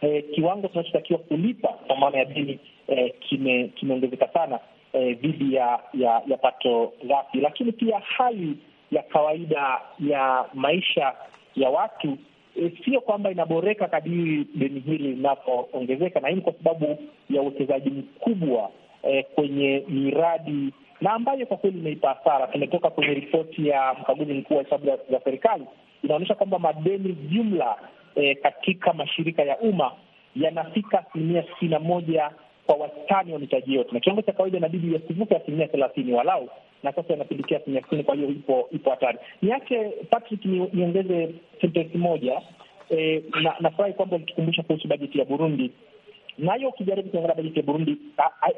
eh, kiwango tunachotakiwa kulipa kwa maana ya deni eh, kimeongezeka kime- sana eh, dhidi eh, ya, ya ya pato ghafi, lakini pia hali ya kawaida ya maisha ya watu e, sio kwamba inaboreka kadiri deni hili linapoongezeka, na hii ni kwa sababu ya uwekezaji mkubwa e, kwenye miradi na ambayo kwa kweli imeipa hasara. Tumetoka kwenye ripoti ya mkaguzi mkuu wa hesabu za serikali, inaonyesha kwamba madeni jumla e, katika mashirika ya umma yanafika asilimia sitini na moja kwa wastani wa mitaji yote, na kiwango cha kawaida inabidi yasivuke asilimia thelathini walau na sasa yanapindukia kwenye kusini. Kwa hiyo ipo ipo hatari. Niache Patrick niongeze sentensi moja. E, na nafurahi kwamba ulitukumbusha kuhusu bajeti ya Burundi nayo ukijaribu kuangalia bajeti ya Burundi,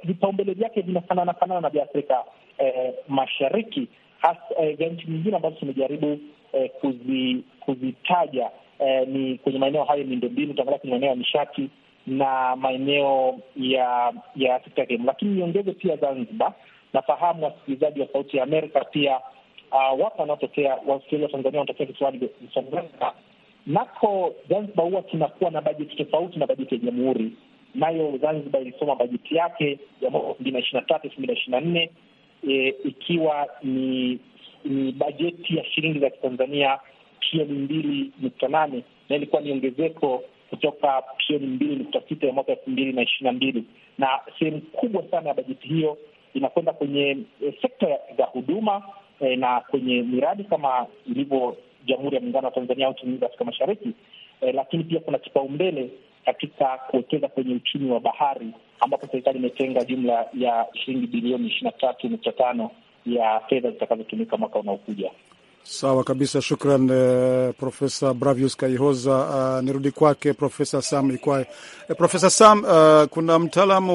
vipaumbele vyake vinafanana fanana na vya Afrika eh, Mashariki, hasa eh, vya nchi nyingine ambazo tumejaribu eh, kuzi, kuzitaja eh, ni kwenye maeneo hayo miundombinu, utaangalia kwenye maeneo ya nishati na maeneo ya ya sekta ya elimu. Lakini niongeze pia Zanzibar nafahamu wasikilizaji wa Sauti ya Amerika pia uh, wapo wanaotokea wasikilizaji wa Tanzania wanaotokea kisiwani Zanzibar. Nako Zanzibar huwa tunakuwa na bajeti tofauti na bajeti ya jamhuri. Nayo Zanzibar ilisoma bajeti yake ya mwaka elfu mbili na ishirini na tatu elfu mbili na ishirini na nne e, ikiwa ni ni bajeti ya shilingi za Kitanzania trilioni mbili nukta nane na ilikuwa ni ongezeko kutoka trilioni mbili nukta sita ya mwaka elfu mbili na ishirini na mbili na sehemu kubwa sana ya bajeti hiyo inakwenda kwenye e, sekta za huduma e, na kwenye miradi kama ilivyo Jamhuri ya Muungano wa Tanzania au Jumuiya Afrika Mashariki e, lakini pia kuna kipaumbele katika kuwekeza kwenye uchumi wa bahari ambapo serikali imetenga jumla ya shilingi bilioni ishirini na tatu nukta tano ya fedha zitakazotumika mwaka unaokuja. Sawa kabisa, shukran eh, Profesa Bravius Kaihoza. Uh, nirudi kwake Profesa Sam Ikwae. Eh, Profesa Sam, uh, kuna mtaalamu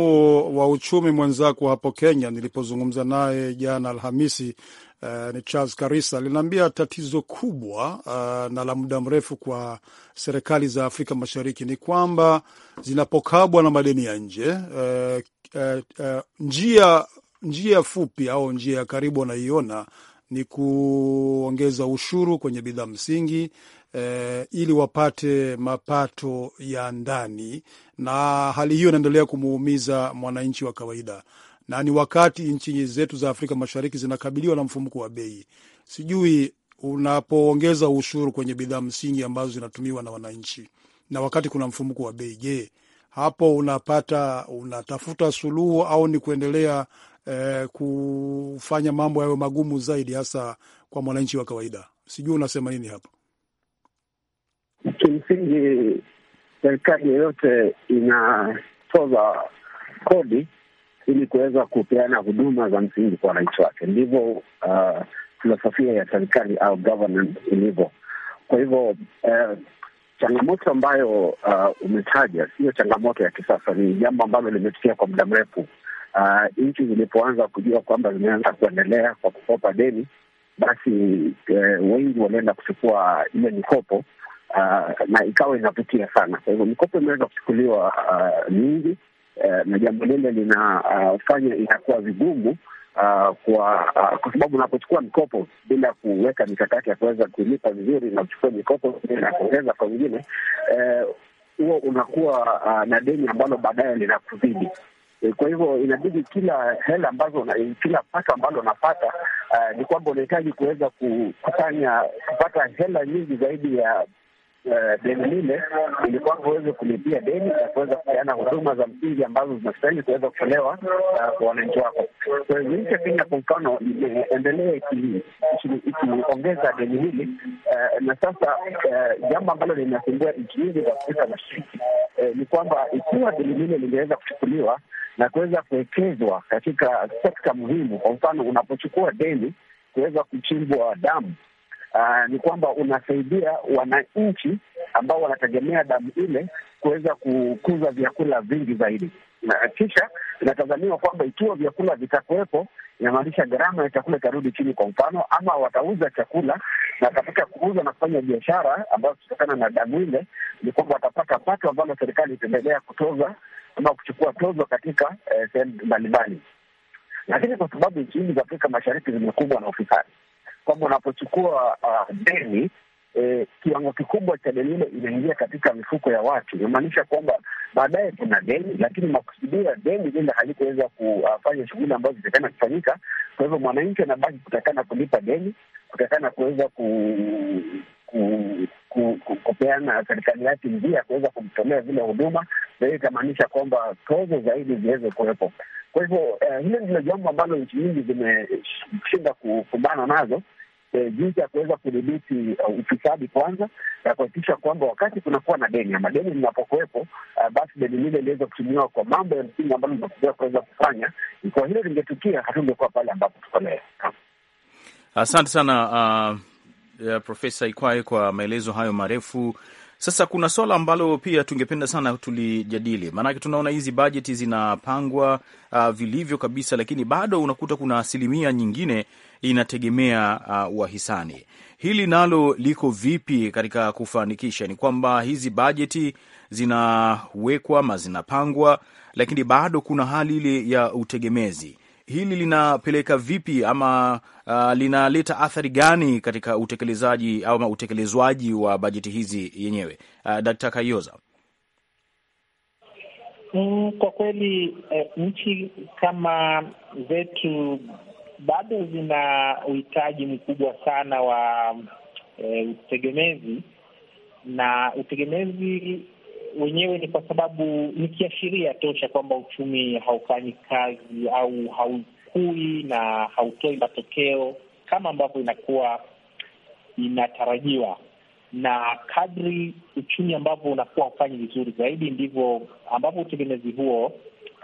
wa uchumi mwenzako hapo Kenya nilipozungumza naye jana Alhamisi, uh, ni Charles Karisa, linaambia tatizo kubwa uh, na la muda mrefu kwa serikali za Afrika Mashariki ni kwamba zinapokabwa na madeni ya nje uh, uh, uh, njia njia fupi au njia ya karibu wanaiona ni kuongeza ushuru kwenye bidhaa msingi eh, ili wapate mapato ya ndani, na hali hiyo inaendelea kumuumiza mwananchi wa kawaida, na ni wakati nchi zetu za Afrika Mashariki zinakabiliwa na mfumuko wa bei. Sijui unapoongeza ushuru kwenye bidhaa msingi ambazo zinatumiwa na wananchi, na wakati kuna mfumuko wa bei, je, hapo unapata unatafuta suluhu au ni kuendelea eh, kufanya mambo yayo magumu zaidi, hasa kwa mwananchi wa kawaida. Sijui unasema nini hapa Kimsingi, serikali yoyote inatoza kodi ili kuweza kupeana huduma za msingi kwa wananchi wake. Ndivyo uh, filosofia ya serikali au government ilivyo. Kwa hivyo uh, changamoto ambayo uh, umetaja siyo changamoto ya kisasa, ni jambo ambalo limetukia kwa muda mrefu uh, nchi zilipoanza kujua kwamba zimeanza kuendelea kwa kukopa deni, basi uh, wengi walienda kuchukua ile mikopo uh, na ikawa inavutia sana. Kwa hivyo mikopo imeweza kuchukuliwa uh, mingi uh, na jambo lile linafanya uh, inakuwa vigumu Uh, kwa uh, kwa sababu unapochukua mikopo bila kuweka mikakati ya kuweza kulipa vizuri na kuchukua mikopo na kuongeza kwa wengine eh, huo, uh, unakuwa uh, na deni ambalo baadaye linakuzidi. Eh, kwa hivyo inabidi kila hela ambazo, eh, kila pato ambalo unapata uh, ni kwamba unahitaji kuweza kufanya kupata hela nyingi zaidi ya deni lile, ili kwamba uweze kulipia deni na kuweza kupeana huduma za msingi ambazo zinastahili kuweza kutolewa kwa wananchi wako. Kwa hivyo nchi ya Kenya kwa mfano imeendelea ikiongeza deni hili na sasa jambo ambalo linasumbua nchi nyingi za Afrika Mashariki ni kwamba ikiwa deni lile lingeweza kuchukuliwa na kuweza kuwekezwa katika sekta muhimu. Kwa mfano, unapochukua deni kuweza kuchimbwa damu Uh, ni kwamba unasaidia wananchi ambao wanategemea damu ile kuweza kukuza vyakula vingi zaidi, na kisha inatazamiwa kwamba ikiwa vyakula vitakuwepo, inamaanisha gharama ya chakula itarudi chini, kwa mfano, ama watauza chakula, na katika kuuza na kufanya biashara ambayo kutokana na damu ile, ni kwamba watapata pato ambalo serikali itaendelea kutoza ama kuchukua tozo katika eh, sehemu mbalimbali, lakini kwa sababu nchi nyingi za Afrika Mashariki zimekubwa na ufisadi kwamba unapochukua ah, deni E, kiwango kikubwa cha deni hilo inaingia katika mifuko ya watu, inamaanisha kwamba baadaye kuna deni, lakini makusudio ya deni lile halikuweza kufanya shughuli ambazo zitakana kufanyika. Kwa hivyo mwananchi anabaki kutakana kulipa deni, kutakana kuweza ku, ku, kupeana serikali yake njia ya kuweza kumtolea zile huduma, na hiyo itamaanisha kwamba tozo zaidi ziweze kuwepo. Kwa hivyo uh, hilo ndilo jambo ambalo nchi nyingi zimeshinda kukumbana nazo. E, jinsi ya kuweza kudhibiti uh, ufisadi kwanza na kuhakikisha kwamba wakati kunakuwa na deni ama deni linapokuwepo, uh, basi deni lile liweze kutumiwa kwa mambo ya msingi ambalo linakuja kuweza kufanya. Ikiwa hilo lingetukia, hatungekuwa pale ambapo tuko leo. Asante sana uh uh, Profesa Ikwae kwa maelezo hayo marefu. Sasa kuna swala ambalo pia tungependa sana tulijadili, maanake tunaona hizi bajeti zinapangwa uh, vilivyo kabisa, lakini bado unakuta kuna asilimia nyingine inategemea uh, wahisani. Hili nalo liko vipi katika kufanikisha? Ni kwamba hizi bajeti zinawekwa ama zinapangwa, lakini bado kuna hali ile ya utegemezi hili linapeleka vipi ama uh, linaleta athari gani katika utekelezaji ama utekelezwaji wa bajeti hizi yenyewe? Uh, Dkt. Kayoza. Mm, kwa kweli eh, nchi kama zetu bado zina uhitaji mkubwa sana wa eh, utegemezi na utegemezi wenyewe ni kwa sababu ni kiashiria tosha kwamba uchumi haufanyi kazi au haukui na hautoi matokeo kama ambavyo inakuwa inatarajiwa na kadri uchumi ambavyo unakuwa hufanyi vizuri zaidi ndivyo ambavyo utegemezi huo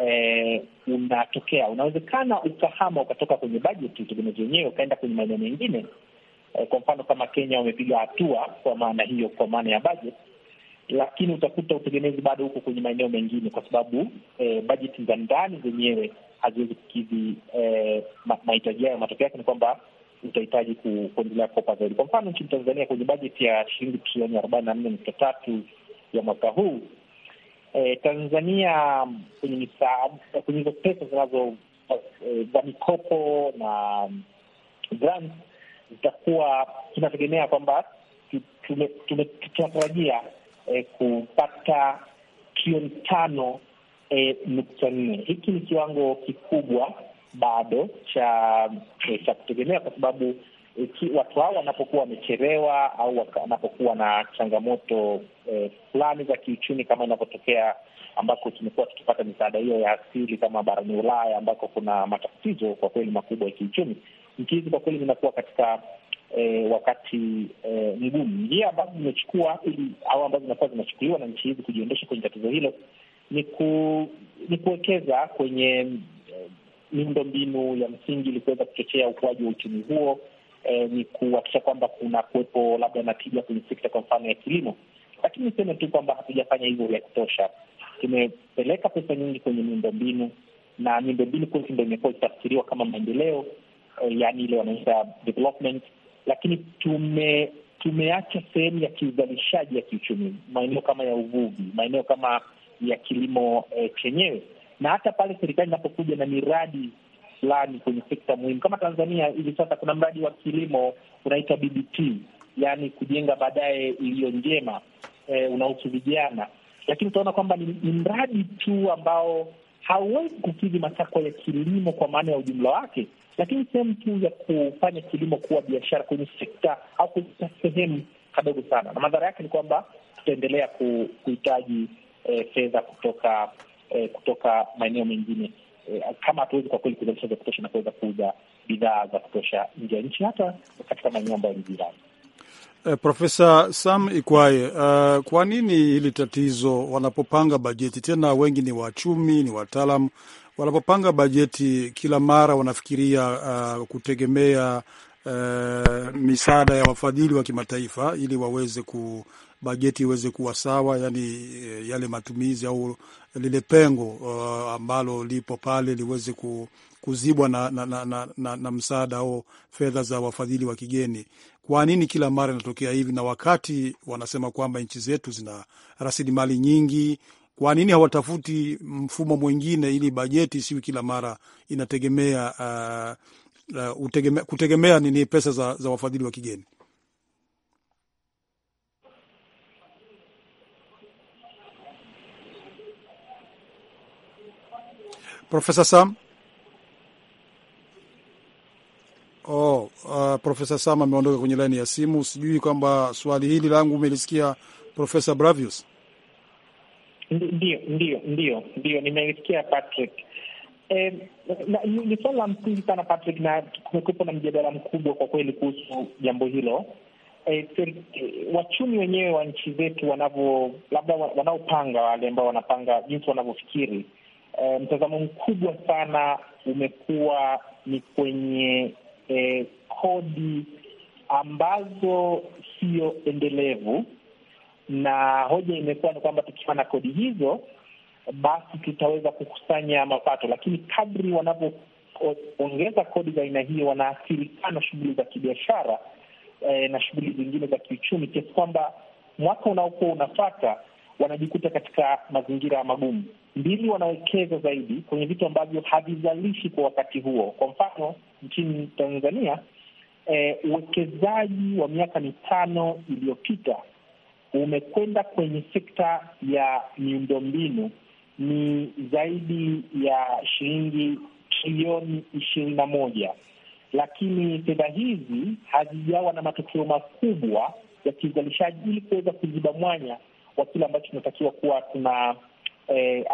e, unatokea. Unawezekana ukahama ukatoka kwenye bajeti utegemezi wenyewe ukaenda kwenye maeneo mengine eh, kwa mfano kama Kenya wamepiga hatua kwa maana hiyo, kwa maana ya bajeti, lakini utakuta utegemezi bado huko kwenye maeneo mengine, kwa sababu eh, bajeti za ndani zenyewe haziwezi kukidhi eh, mahitaji hayo. Matokeo yake ni kwamba utahitaji kuendelea kukopa zaidi. Kwa mfano nchini Tanzania, kwenye bajeti ya shilingi trilioni arobaini na nne nukta tatu ya mwaka huu eh, Tanzania kwenye misaada, kwenye hizo pesa zinazo eh, za mikopo na grants zitakuwa tunategemea kwamba tunatarajia eh, kupata trilioni tano eh, nukta nne. Hiki ni kiwango kikubwa bado cha eh, cha kutegemea kwa sababu eh, watu hao wanapokuwa wamechelewa au wanapokuwa na changamoto eh, fulani za kiuchumi kama inavyotokea ambako tumekuwa tukipata misaada hiyo ya asili kama barani Ulaya ambako kuna matatizo kwa kweli makubwa ya kiuchumi, nchi hizi kwa kweli zinakuwa katika e, wakati e, mgumu. Njia ambazo zimechukua ili au ambazo zinakuwa zinachukuliwa na nchi hizi kujiondosha kwenye tatizo hilo ni ku, ni kuwekeza kwenye eh, miundo mbinu ya msingi ili kuweza kuchochea ukuaji wa uchumi huo. E, ni kuhakikisha kwamba kuna kuwepo labda na tija kwenye sekta kwa mfano ya kilimo, lakini niseme tu kwamba hatujafanya hivyo vya kutosha. Tumepeleka pesa nyingi kwenye miundo mbinu na miundo mbinu kwetu ndo imekuwa ikitafsiriwa kama maendeleo, yaani ile wanaita development lakini tume tumeacha sehemu ya kiuzalishaji ya kiuchumi, maeneo kama ya uvuvi, maeneo kama ya kilimo eh, chenyewe eh, na hata pale serikali inapokuja na miradi fulani kwenye sekta muhimu kama Tanzania hivi sasa kuna mradi wa kilimo unaitwa BBT, yaani kujenga baadaye iliyo njema eh, unahusu vijana, lakini utaona kwamba ni, ni mradi tu ambao hauwezi kukidhi matakwa ya kilimo kwa maana ya ujumla wake, lakini sehemu tu ya kufanya kilimo kuwa biashara kwenye sekta au kwenye sehemu kadogo sana, na madhara yake ni kwamba tutaendelea kuhitaji eh, fedha kutoka eh, kutoka maeneo mengine eh, kama hatuwezi kwa kweli kuzalisha vya kutosha na kuweza kuuza bidhaa za kutosha nje ya nchi, hata katika maeneo ambayo ni jirani. Uh, Profesa Sam Ikwaye, uh, kwa nini hili tatizo wanapopanga bajeti, tena wengi ni wachumi, ni wataalam, wanapopanga bajeti kila mara wanafikiria uh, kutegemea uh, misaada ya wafadhili wa kimataifa ili waweze ku bajeti iweze kuwa sawa, yani yale matumizi au lile pengo uh, ambalo lipo pale liweze ku kuzibwa na, na, na, na, na, na msaada au fedha za wafadhili wa kigeni. Kwa nini kila mara inatokea hivi, na wakati wanasema kwamba nchi zetu zina rasilimali nyingi? Kwa nini hawatafuti mfumo mwingine ili bajeti isiwi kila mara inategemea uh, uh, utegeme, kutegemea nini pesa za, za wafadhili wa kigeni? Profesa Sam Oh, uh, Profesa Sam ameondoka kwenye laini ya simu. Sijui kwamba swali hili langu umelisikia Profesa Bravius? Ndio, ndio, ndio, ndio nimelisikia Patrick. Eh, ni swala la msingi sana Patrick, na kumekuwepo na mjadala mkubwa kwa kweli kuhusu jambo hilo. Eh, wachumi wenyewe wa nchi zetu wanavyo, labda wanaopanga, wale ambao wanapanga jinsi wanavyofikiri, eh, mtazamo mkubwa sana umekuwa ni kwenye eh, kodi ambazo sio endelevu, na hoja imekuwa ni kwamba tukiwa na kodi hizo basi tutaweza kukusanya mapato, lakini kadri wanavyoongeza kodi za aina hiyo wanaathiri sana shughuli za kibiashara eh, na shughuli zingine za kiuchumi, kiasi kwamba mwaka unaokuwa unafata wanajikuta katika mazingira magumu. Mbili, wanawekeza zaidi kwenye vitu ambavyo havizalishi kwa wakati huo. Kwa mfano nchini Tanzania, eh, uwekezaji wa miaka mitano iliyopita umekwenda kwenye sekta ya miundombinu ni zaidi ya shilingi trilioni ishirini na moja, lakini fedha hizi hazijawa na matokeo makubwa ya kiuzalishaji ili kuweza kuziba mwanya wa kile ambacho tunatakiwa kuwa tuna eh,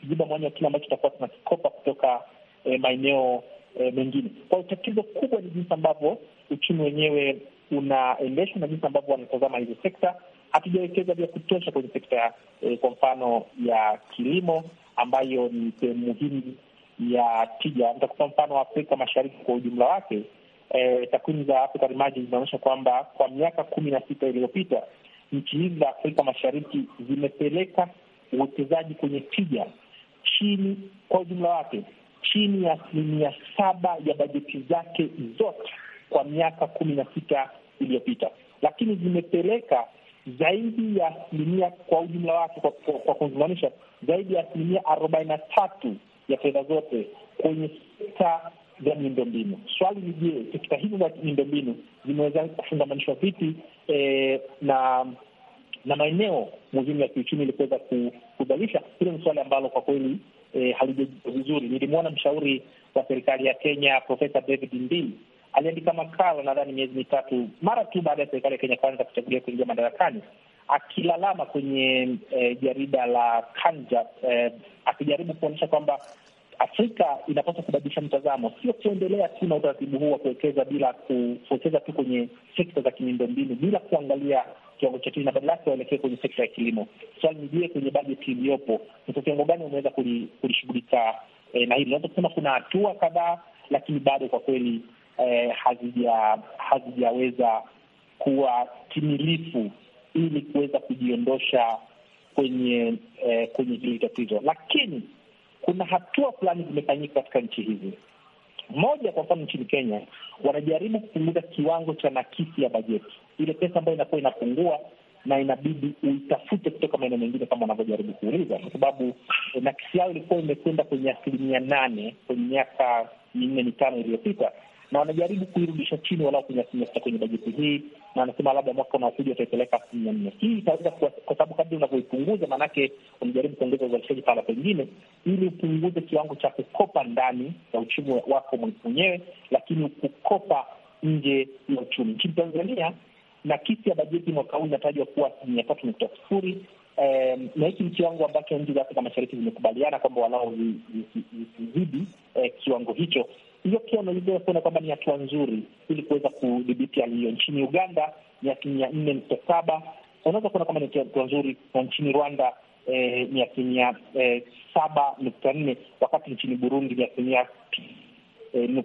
kuziba mwanya wa kile ambacho tutakuwa tunakikopa kutoka eh, maeneo eh, mengine. Kwa hiyo tatizo kubwa ni jinsi ambavyo uchumi wenyewe unaendeshwa na jinsi ambavyo wanatazama hizo sekta. Hatujawekeza vya kutosha kwenye sekta eh, kwa mfano ya kilimo ambayo ni sehemu muhimu ya tija. Nitakupa mfano wa Afrika Mashariki kwa ujumla wake. Eh, takwimu za Africa Emerging zinaonyesha kwamba kwa miaka kumi na sita iliyopita nchi hizi za Afrika Mashariki zimepeleka uwekezaji kwenye tija chini kwa ujumla wake chini ya asilimia saba ya bajeti zake zote kwa miaka kumi na sita iliyopita, lakini zimepeleka zaidi ya asilimia kwa ujumla wake kwa, kwa, kwa zaidi ya asilimia arobaini na tatu ya fedha zote kwenye sekta za miundombinu. Swali ni je, sekta hizo za miundombinu zimeweza kufungamanishwa vipi eh, na na maeneo muhimu ya kiuchumi ili kuweza kuzalisha. Hilo ni suala ambalo kwa kweli eh, halijajia vizuri. Nilimwona mshauri wa serikali ya Kenya Profesa David Mbili aliandika makala nadhani miezi mitatu mara tu baada ya serikali ya Kenya kwanza kuchagulia kuingia madarakani, akilalama kwenye eh, jarida la Kanja eh, akijaribu kuonyesha kwamba Afrika inapaswa kubadilisha mtazamo, sio kuendelea tu na utaratibu huu wa kuwekeza bila kuwekeza tu kwenye sekta za kimiundombinu bila kuangalia kiwango cha chini, na badala yake waelekee kwenye sekta ya kilimo. Swali ni je, kwenye bajeti iliyopo ni kwa kiwango gani wameweza kulishughulika eh, na hili? Naweza kusema kuna hatua kadhaa, lakini bado kwa kweli eh, hazijaweza hazijaweza kuwa timilifu ili kuweza kujiondosha kwenye eh, kwenye hili tatizo, lakini kuna hatua fulani zimefanyika katika nchi hizi. Moja, kwa mfano nchini Kenya wanajaribu kupunguza kiwango cha nakisi ya bajeti, ile pesa ambayo inakuwa inapungua na inabidi uitafute kutoka maeneo mengine, kama wanavyojaribu kuuliza, kwa sababu eh, nakisi yao ilikuwa imekwenda kwenye asilimia nane kwenye miaka minne mitano iliyopita, na wanajaribu kuirudisha chini walau kwenye kwenye bajeti hii, na wanasema labda mwaka unaokuja wataipeleka asilimia nne. Hii itaweza kwa sababu kadri unavyoipunguza, maanake unajaribu kuongeza uzalishaji pahala pengine, ili upunguze kiwango cha kukopa ndani ya uchumi wako mwenyewe, lakini kukopa nje ya uchumi. Nchini Tanzania nakisi ya bajeti mwaka huu inatajwa kuwa asilimia tatu nukta sifuri. Um, na hiki ni kiwango ambacho nchi za Afrika Mashariki zimekubaliana kwamba walao eh, kiwango hicho, hiyo pia unaweza kuona kwamba ni hatua nzuri ili kuweza kudhibiti hali hiyo. Nchini Uganda ni asilimia nne nukta saba. Unaweza kuona kwamba ni hatua nzuri, na nchini Rwanda eh, ni asilimia eh, saba nukta nne, wakati nchini Burundi ni asilimia eh,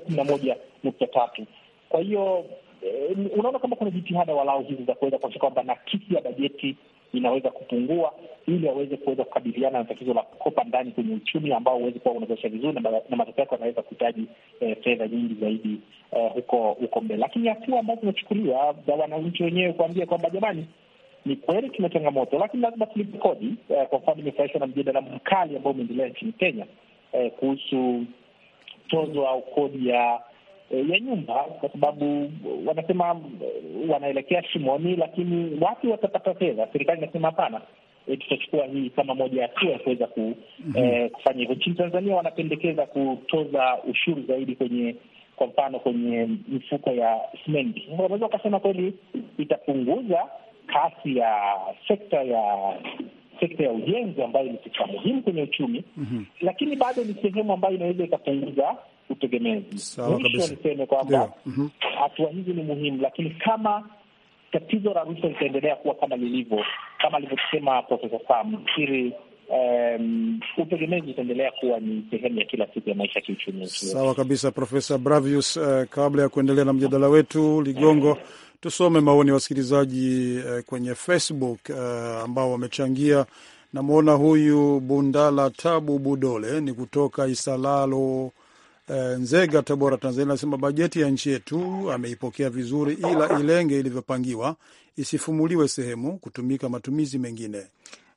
kumi na moja nukta tatu. Kwa hiyo eh, unaona kwamba kuna jitihada walau hizi za kuweza kuakisha kwamba nakisi ya bajeti inaweza kupungua, ili waweze kuweza kukabiliana na tatizo la kukopa ndani kwenye uchumi ambao huwezi kuwa unazosha vizuri, na matokeo yake wanaweza kuhitaji eh, fedha nyingi zaidi eh, huko huko mbele. Lakini hatua ambazo zinachukuliwa za wananchi wenyewe kuambia kwamba jamani ni kweli tuna changamoto, lakini lazima tulipe kodi. Eh, kwa mfano, imefurahishwa na mjadala mkali ambao umeendelea nchini Kenya eh, kuhusu tozo au kodi ya Eh, ya nyumba, kwa sababu wanasema eh, wanaelekea shimoni, lakini wapi watapata fedha? Serikali inasema hapana, e, tutachukua hii kama moja ya hatua ya kuweza ku, mm -hmm. e, kufanya hivyo. Nchini Tanzania wanapendekeza kutoza ushuru zaidi kwenye kwa mfano kwenye mifuko ya simenti. Wanaweza wakasema kweli itapunguza kasi ya sekta ya sekta ya ujenzi ambayo ni sekta muhimu kwenye uchumi mm -hmm. lakini bado ni sehemu ambayo inaweza ikapunguza utegemezi. Mwisho niseme kwamba mm-hmm. hatua hizi ni muhimu, lakini kama tatizo la rushwa litaendelea kuwa kama lilivyo, kama alivyosema Profesa Sam kiri Um, utegemezi utaendelea kuwa ni sehemu ya kila siku ya maisha kiuchumi. Sawa kabisa, Profesa Bravius. Uh, kabla ya kuendelea na mjadala wetu Ligongo, tusome maoni ya wasikilizaji uh, kwenye Facebook uh, ambao wamechangia. Namwona huyu Bundala Tabu Budole ni kutoka Isalalo Eh, Nzega Tabora, Tanzania anasema bajeti ya nchi yetu ameipokea vizuri, ila ilenge ilivyopangiwa, isifumuliwe sehemu kutumika matumizi mengine.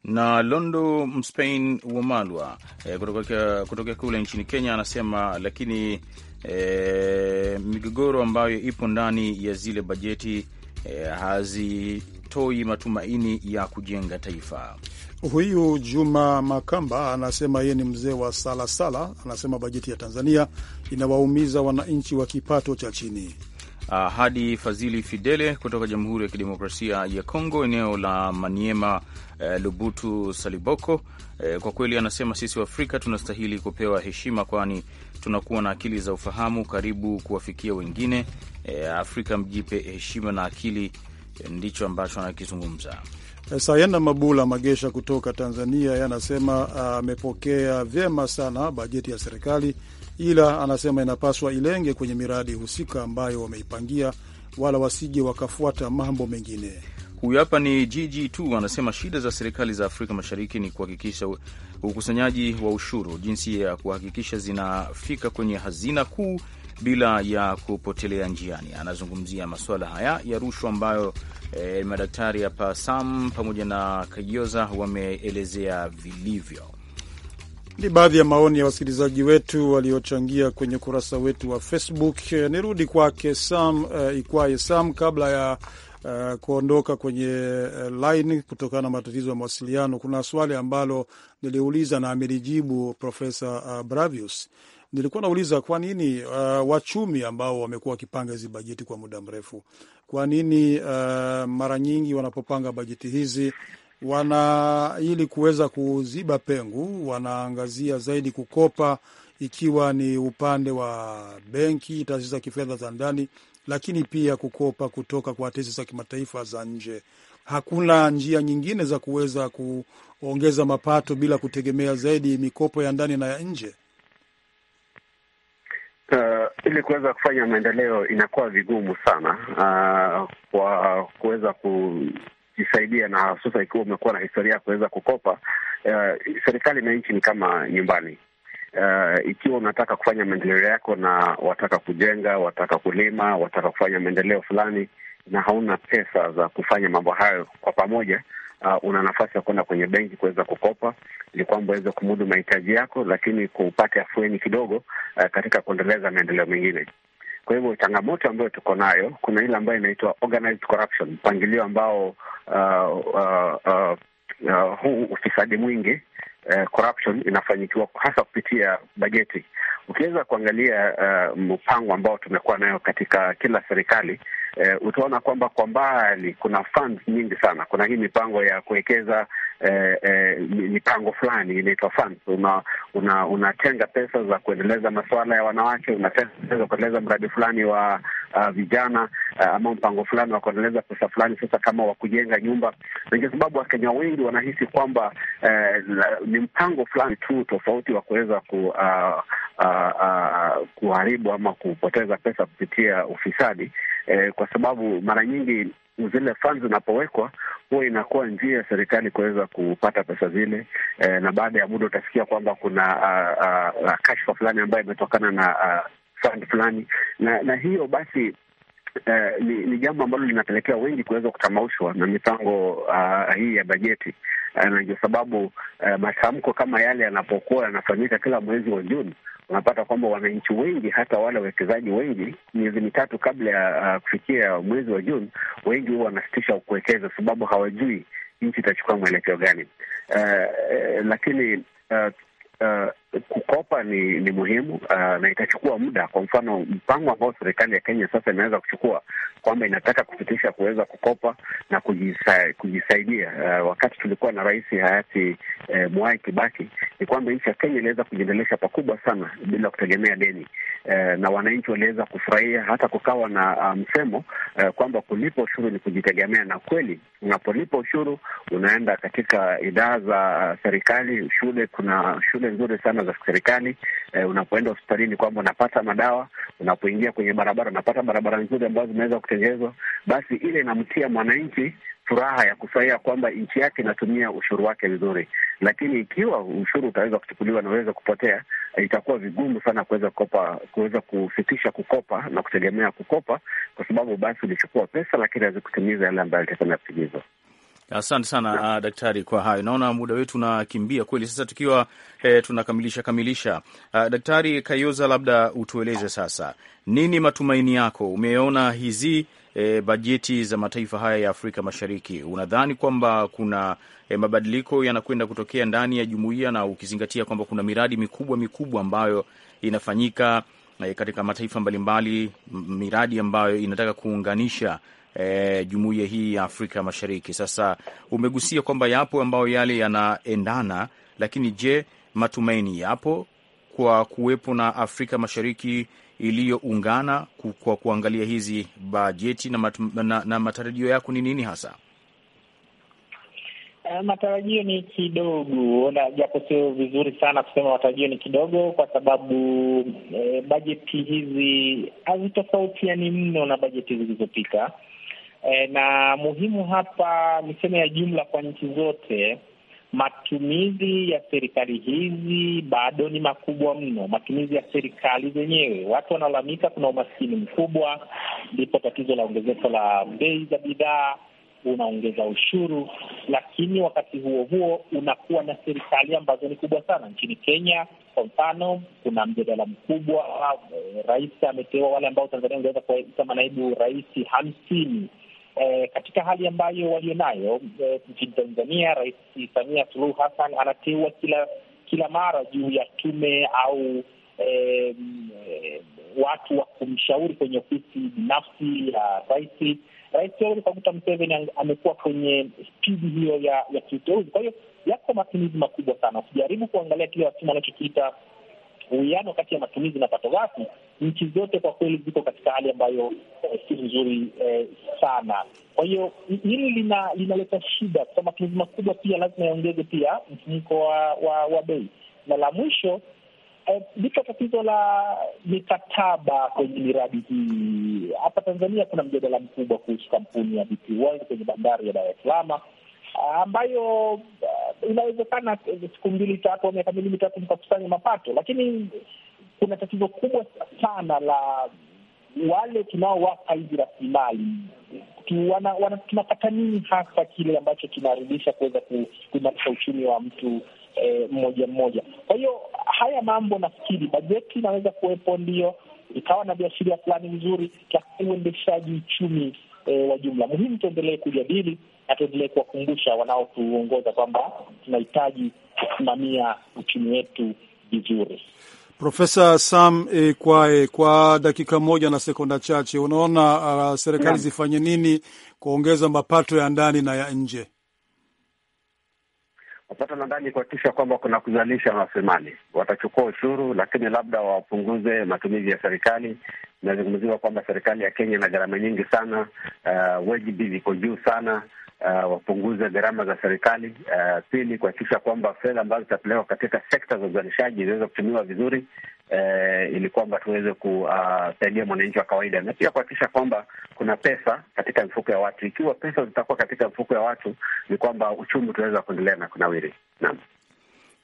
Na Londo Mspain Wamalwa eh, e, kutokea kule nchini Kenya anasema lakini e, migogoro ambayo ipo ndani ya zile bajeti e, hazitoi matumaini ya kujenga taifa. Huyu Juma Makamba anasema yeye ni mzee wa salasala. Anasema bajeti ya Tanzania inawaumiza wananchi wa kipato cha chini. Uh, hadi fazili Fidele kutoka Jamhuri ya Kidemokrasia ya Kongo, eneo la Maniema, eh, Lubutu Saliboko. Eh, kwa kweli anasema sisi Waafrika tunastahili kupewa heshima, kwani tunakuwa na akili za ufahamu karibu kuwafikia wengine. Eh, Afrika mjipe heshima na akili, eh, ndicho ambacho anakizungumza. Sayenda Mabula Magesha kutoka Tanzania yanasema ah, amepokea uh, vyema sana bajeti ya serikali, ila anasema inapaswa ilenge kwenye miradi husika ambayo wameipangia, wala wasije wakafuata mambo mengine. Huyu hapa ni gg t anasema shida za serikali za Afrika Mashariki ni kuhakikisha ukusanyaji wa ushuru, jinsi ya kuhakikisha zinafika kwenye hazina kuu bila ya kupotelea njiani. Anazungumzia masuala haya ya rushwa ambayo e, madaktari hapa Sam pamoja na Kayoza wameelezea vilivyo. Ni baadhi ya maoni ya wasikilizaji wetu waliochangia kwenye ukurasa wetu wa Facebook. Eh, nirudi kwake Sam uh, Ikwaye Sam kabla ya uh, kuondoka kwenye uh, line kutokana na matatizo ya mawasiliano. Kuna swali ambalo niliuliza na amelijibu Profesa uh, Bravius nilikuwa nauliza kwa nini uh, wachumi ambao wamekuwa wakipanga hizi bajeti kwa muda mrefu, kwa nini uh, mara nyingi wanapopanga bajeti hizi wana ili kuweza kuziba pengo, wanaangazia zaidi kukopa, ikiwa ni upande wa benki, taasisi za kifedha za ndani, lakini pia kukopa kutoka kwa taasisi za kimataifa za nje. Hakuna njia nyingine za kuweza kuongeza mapato bila kutegemea zaidi mikopo ya ndani na ya nje? Uh, ili kuweza kufanya maendeleo inakuwa vigumu sana uh, kwa kuweza kujisaidia na hususa ikiwa umekuwa na historia ya kuweza kukopa. Uh, serikali na nchi ni kama nyumbani. Uh, ikiwa unataka kufanya maendeleo yako na wataka kujenga, wataka kulima, wataka kufanya maendeleo fulani na hauna pesa za kufanya mambo hayo kwa pamoja uh, una nafasi ya kwenda kwenye benki kuweza kukopa, ili kwamba uweze kumudu mahitaji yako, lakini kupata afueni kidogo uh, katika kuendeleza maendeleo mengine. Kwa hivyo changamoto ambayo tuko nayo, kuna ile ambayo inaitwa organized corruption, mpangilio ambao uh, uh, uh, uh, huu ufisadi mwingi Uh, corruption inafanyikiwa hasa kupitia bajeti. Ukiweza kuangalia uh, mpango ambao tumekuwa nayo katika kila serikali eh, utaona kwamba kwa mbali kuna funds nyingi sana. Kuna hii mipango ya kuwekeza eh, eh, mipango fulani inaitwa funds. Unatenga una, una pesa za kuendeleza masuala ya wanawake, unatenga pesa za kuendeleza mradi fulani wa uh, vijana uh, ama mpango fulani wa kuendeleza pesa fulani, sasa kama wa kujenga nyumba, na ndio sababu Wakenya wengi wanahisi kwamba eh, ni mpango fulani tu tofauti wa kuweza ku uh, Uh, uh, kuharibu ama kupoteza pesa kupitia ufisadi eh, kwa sababu mara nyingi zile funds zinapowekwa huwa inakuwa njia ya serikali kuweza kupata pesa zile eh, na baada ya muda utasikia kwamba kuna uh, ah, uh, ah, kashfa ah, fulani ambayo imetokana na uh, fund fulani na, na hiyo basi Uh, ni, ni jambo ambalo linapelekea wengi kuweza kutamaushwa na mipango uh, hii ya bajeti uh, na ndio sababu uh, matamko kama yale yanapokuwa yanafanyika kila mwezi wa Juni unapata kwamba wananchi wengi, hata wale wawekezaji wengi, miezi mitatu kabla ya uh, kufikia mwezi wa Juni, wengi huwa wanasitisha kuwekeza, sababu hawajui nchi itachukua mwelekeo gani. Uh, eh, lakini uh, uh, kukopa ni ni muhimu uh, na itachukua muda. Kwa mfano, mpango ambao serikali ya Kenya sasa inaweza kuchukua kwamba inataka kufikisha kuweza kukopa na kujisa, kujisaidia uh, wakati tulikuwa na rais hayati eh, Mwai Kibaki ni kwamba nchi ya Kenya iliweza kujiendelesha pakubwa sana bila kutegemea deni eh, na wananchi waliweza kufurahia, hata kukawa na uh, msemo um, eh, kwamba kulipa ushuru ni kujitegemea, na kweli unapolipa ushuru unaenda katika idara za uh, serikali, shule, kuna shule nzuri sana huduma za serikali e, unapoenda hospitalini kwamba unapata madawa, unapoingia kwenye barabara unapata barabara nzuri ambazo zimeweza kutengenezwa, basi ile inamtia mwananchi furaha ya kufurahia kwamba nchi yake inatumia ushuru wake vizuri. Lakini ikiwa ushuru utaweza kuchukuliwa na uweza kupotea, eh, itakuwa vigumu sana kuweza kukopa, kuweza kusitisha kukopa na kutegemea kukopa, kwa sababu basi ulichukua pesa, lakini hazikutimiza yale ambayo alitakana kutimizwa. Asante sana uh, daktari kwa hayo. Naona muda wetu unakimbia kweli, sasa tukiwa eh, tunakamilisha kamilisha. Uh, Daktari Kayoza, labda utueleze sasa, nini matumaini yako? Umeona hizi eh, bajeti za mataifa haya ya Afrika Mashariki, unadhani kwamba kuna eh, mabadiliko yanakwenda kutokea ndani ya jumuiya, na ukizingatia kwamba kuna miradi mikubwa mikubwa ambayo inafanyika eh, katika mataifa mbalimbali, miradi ambayo inataka kuunganisha e, jumuiya hii ya Afrika Mashariki. Sasa umegusia kwamba yapo ambayo yale yanaendana, lakini je, matumaini yapo kwa kuwepo na Afrika Mashariki iliyoungana kwa kuangalia hizi bajeti na, na, na matarajio yako ni nini hasa? E, matarajio ni kidogo na japo sio vizuri sana kusema matarajio ni kidogo, kwa sababu e, bajeti hizi hazitofautiani mno na bajeti zilizopita e, na muhimu hapa niseme ya jumla kwa nchi zote matumizi ya serikali hizi bado ni makubwa mno, matumizi ya serikali zenyewe. Watu wanalalamika kuna umaskini mkubwa, ndipo tatizo la ongezeko la bei za bidhaa, unaongeza ushuru, lakini wakati huo huo unakuwa na serikali ambazo ni kubwa sana. Nchini Kenya kwa mfano, kuna mjadala mkubwa, eh, rais ameteua wale ambao Tanzania ungeweza kuwaita manaibu rais hamsini eh, katika hali ambayo walionayo eh, nchini eh, Tanzania, Rais Samia Suluhu Hassan anateua kila kila mara juu ya tume au eh, mm, watu wa kumshauri kwenye ofisi binafsi ya rais. Rais Yoweri Kaguta Museveni amekuwa kwenye spidi hiyo ya ya kiuteuzi. Kwa hiyo yako matumizi makubwa sana, usijaribu kuangalia kile wasimu wanachokiita uwiano kati ya matumizi na pato ghafi, nchi zote kwa kweli ziko katika hali ambayo eh, si nzuri eh, sana. Kwa hiyo hili lina, linaleta shida kwa matumizi makubwa, pia lazima yaongeze pia mfumko wa, wa, wa bei. Na la mwisho liko eh, tatizo la mikataba kwenye miradi hii. Hapa Tanzania kuna mjadala mkubwa kuhusu kampuni ya DP World kwenye bandari ya Dar es Salaam ambayo uh, inawezekana siku mbili tatu au miaka miwili mitatu mkakusanya mapato, lakini kuna tatizo kubwa sana la wale tunaowapa hizi rasilimali tunapata nini hasa kile ambacho kinarudisha kuweza kuimarisha uchumi wa mtu eh, mmoja mmoja. Kwa hiyo haya mambo nafikiri bajeti inaweza kuwepo, ndio ikawa na viashiria fulani vizuri, lakini uendeshaji uchumi eh, wa jumla muhimu, tuendelee kujadili na tuendelee kuwakumbusha wanaotuongoza kwamba tunahitaji kusimamia uchumi wetu vizuri. Profesa Sam e, Kwae, kwa dakika moja na sekonda chache, unaona uh, serikali zifanye nini kuongeza mapato ya ndani na ya nje? Mapato na ndani kuhakikisha kwamba kuna kuzalisha rasilimali, watachukua ushuru, lakini labda wapunguze matumizi ya serikali. Inazungumziwa kwamba serikali ya Kenya ina gharama nyingi sana, uh, weji bill iko juu sana uh, wapunguze gharama za serikali. Uh, pili, kuhakikisha kwamba fedha ambazo zitapelekwa katika sekta za uzalishaji ziweze kutumiwa vizuri, uh, ili kwamba tuweze kusaidia uh, mwananchi wa kawaida, na pia kuhakikisha kwamba kuna pesa katika mfuko ya watu. Ikiwa pesa zitakuwa katika mfuko ya watu, ni kwamba uchumi utaweza kuendelea na kunawiri. Naam,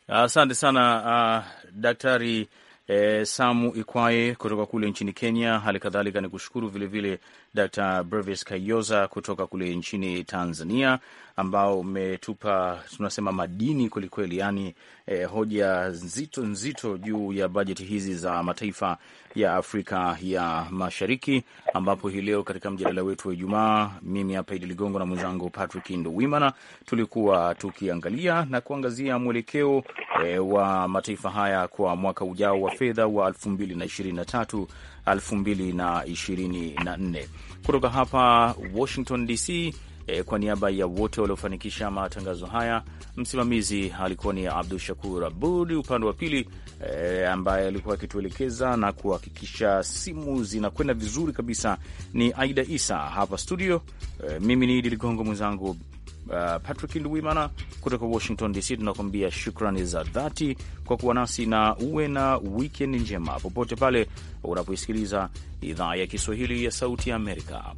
asante uh, sana uh, Daktari eh, Samu Ikwaye kutoka kule nchini Kenya. Hali kadhalika ni kushukuru vilevile Dr. Brevis Kayoza kutoka kule nchini Tanzania, ambao umetupa tunasema madini kwelikweli, yaani eh, hoja nzito nzito juu ya bajeti hizi za mataifa ya Afrika ya Mashariki, ambapo hii leo katika mjadala wetu wa Ijumaa, mimi hapa Idi Ligongo na mwenzangu Patrick Nduwimana tulikuwa tukiangalia na kuangazia mwelekeo eh, wa mataifa haya kwa mwaka ujao wa fedha wa elfu mbili na ishirini na tatu 2024. Kutoka hapa Washington DC, e, eh, kwa niaba ya wote waliofanikisha matangazo haya, msimamizi alikuwa ni Abdu Shakur Abud, upande wa pili e, ambaye alikuwa akituelekeza na kuhakikisha simu zinakwenda vizuri kabisa ni Aida Isa hapa studio. E, mimi ni Idi Ligongo, mwenzangu Uh, Patrick Nduwimana kutoka Washington DC, tunakuambia shukrani za dhati kwa kuwa nasi na uwe na wikend njema popote pale unapoisikiliza idhaa ya Kiswahili ya Sauti ya Amerika.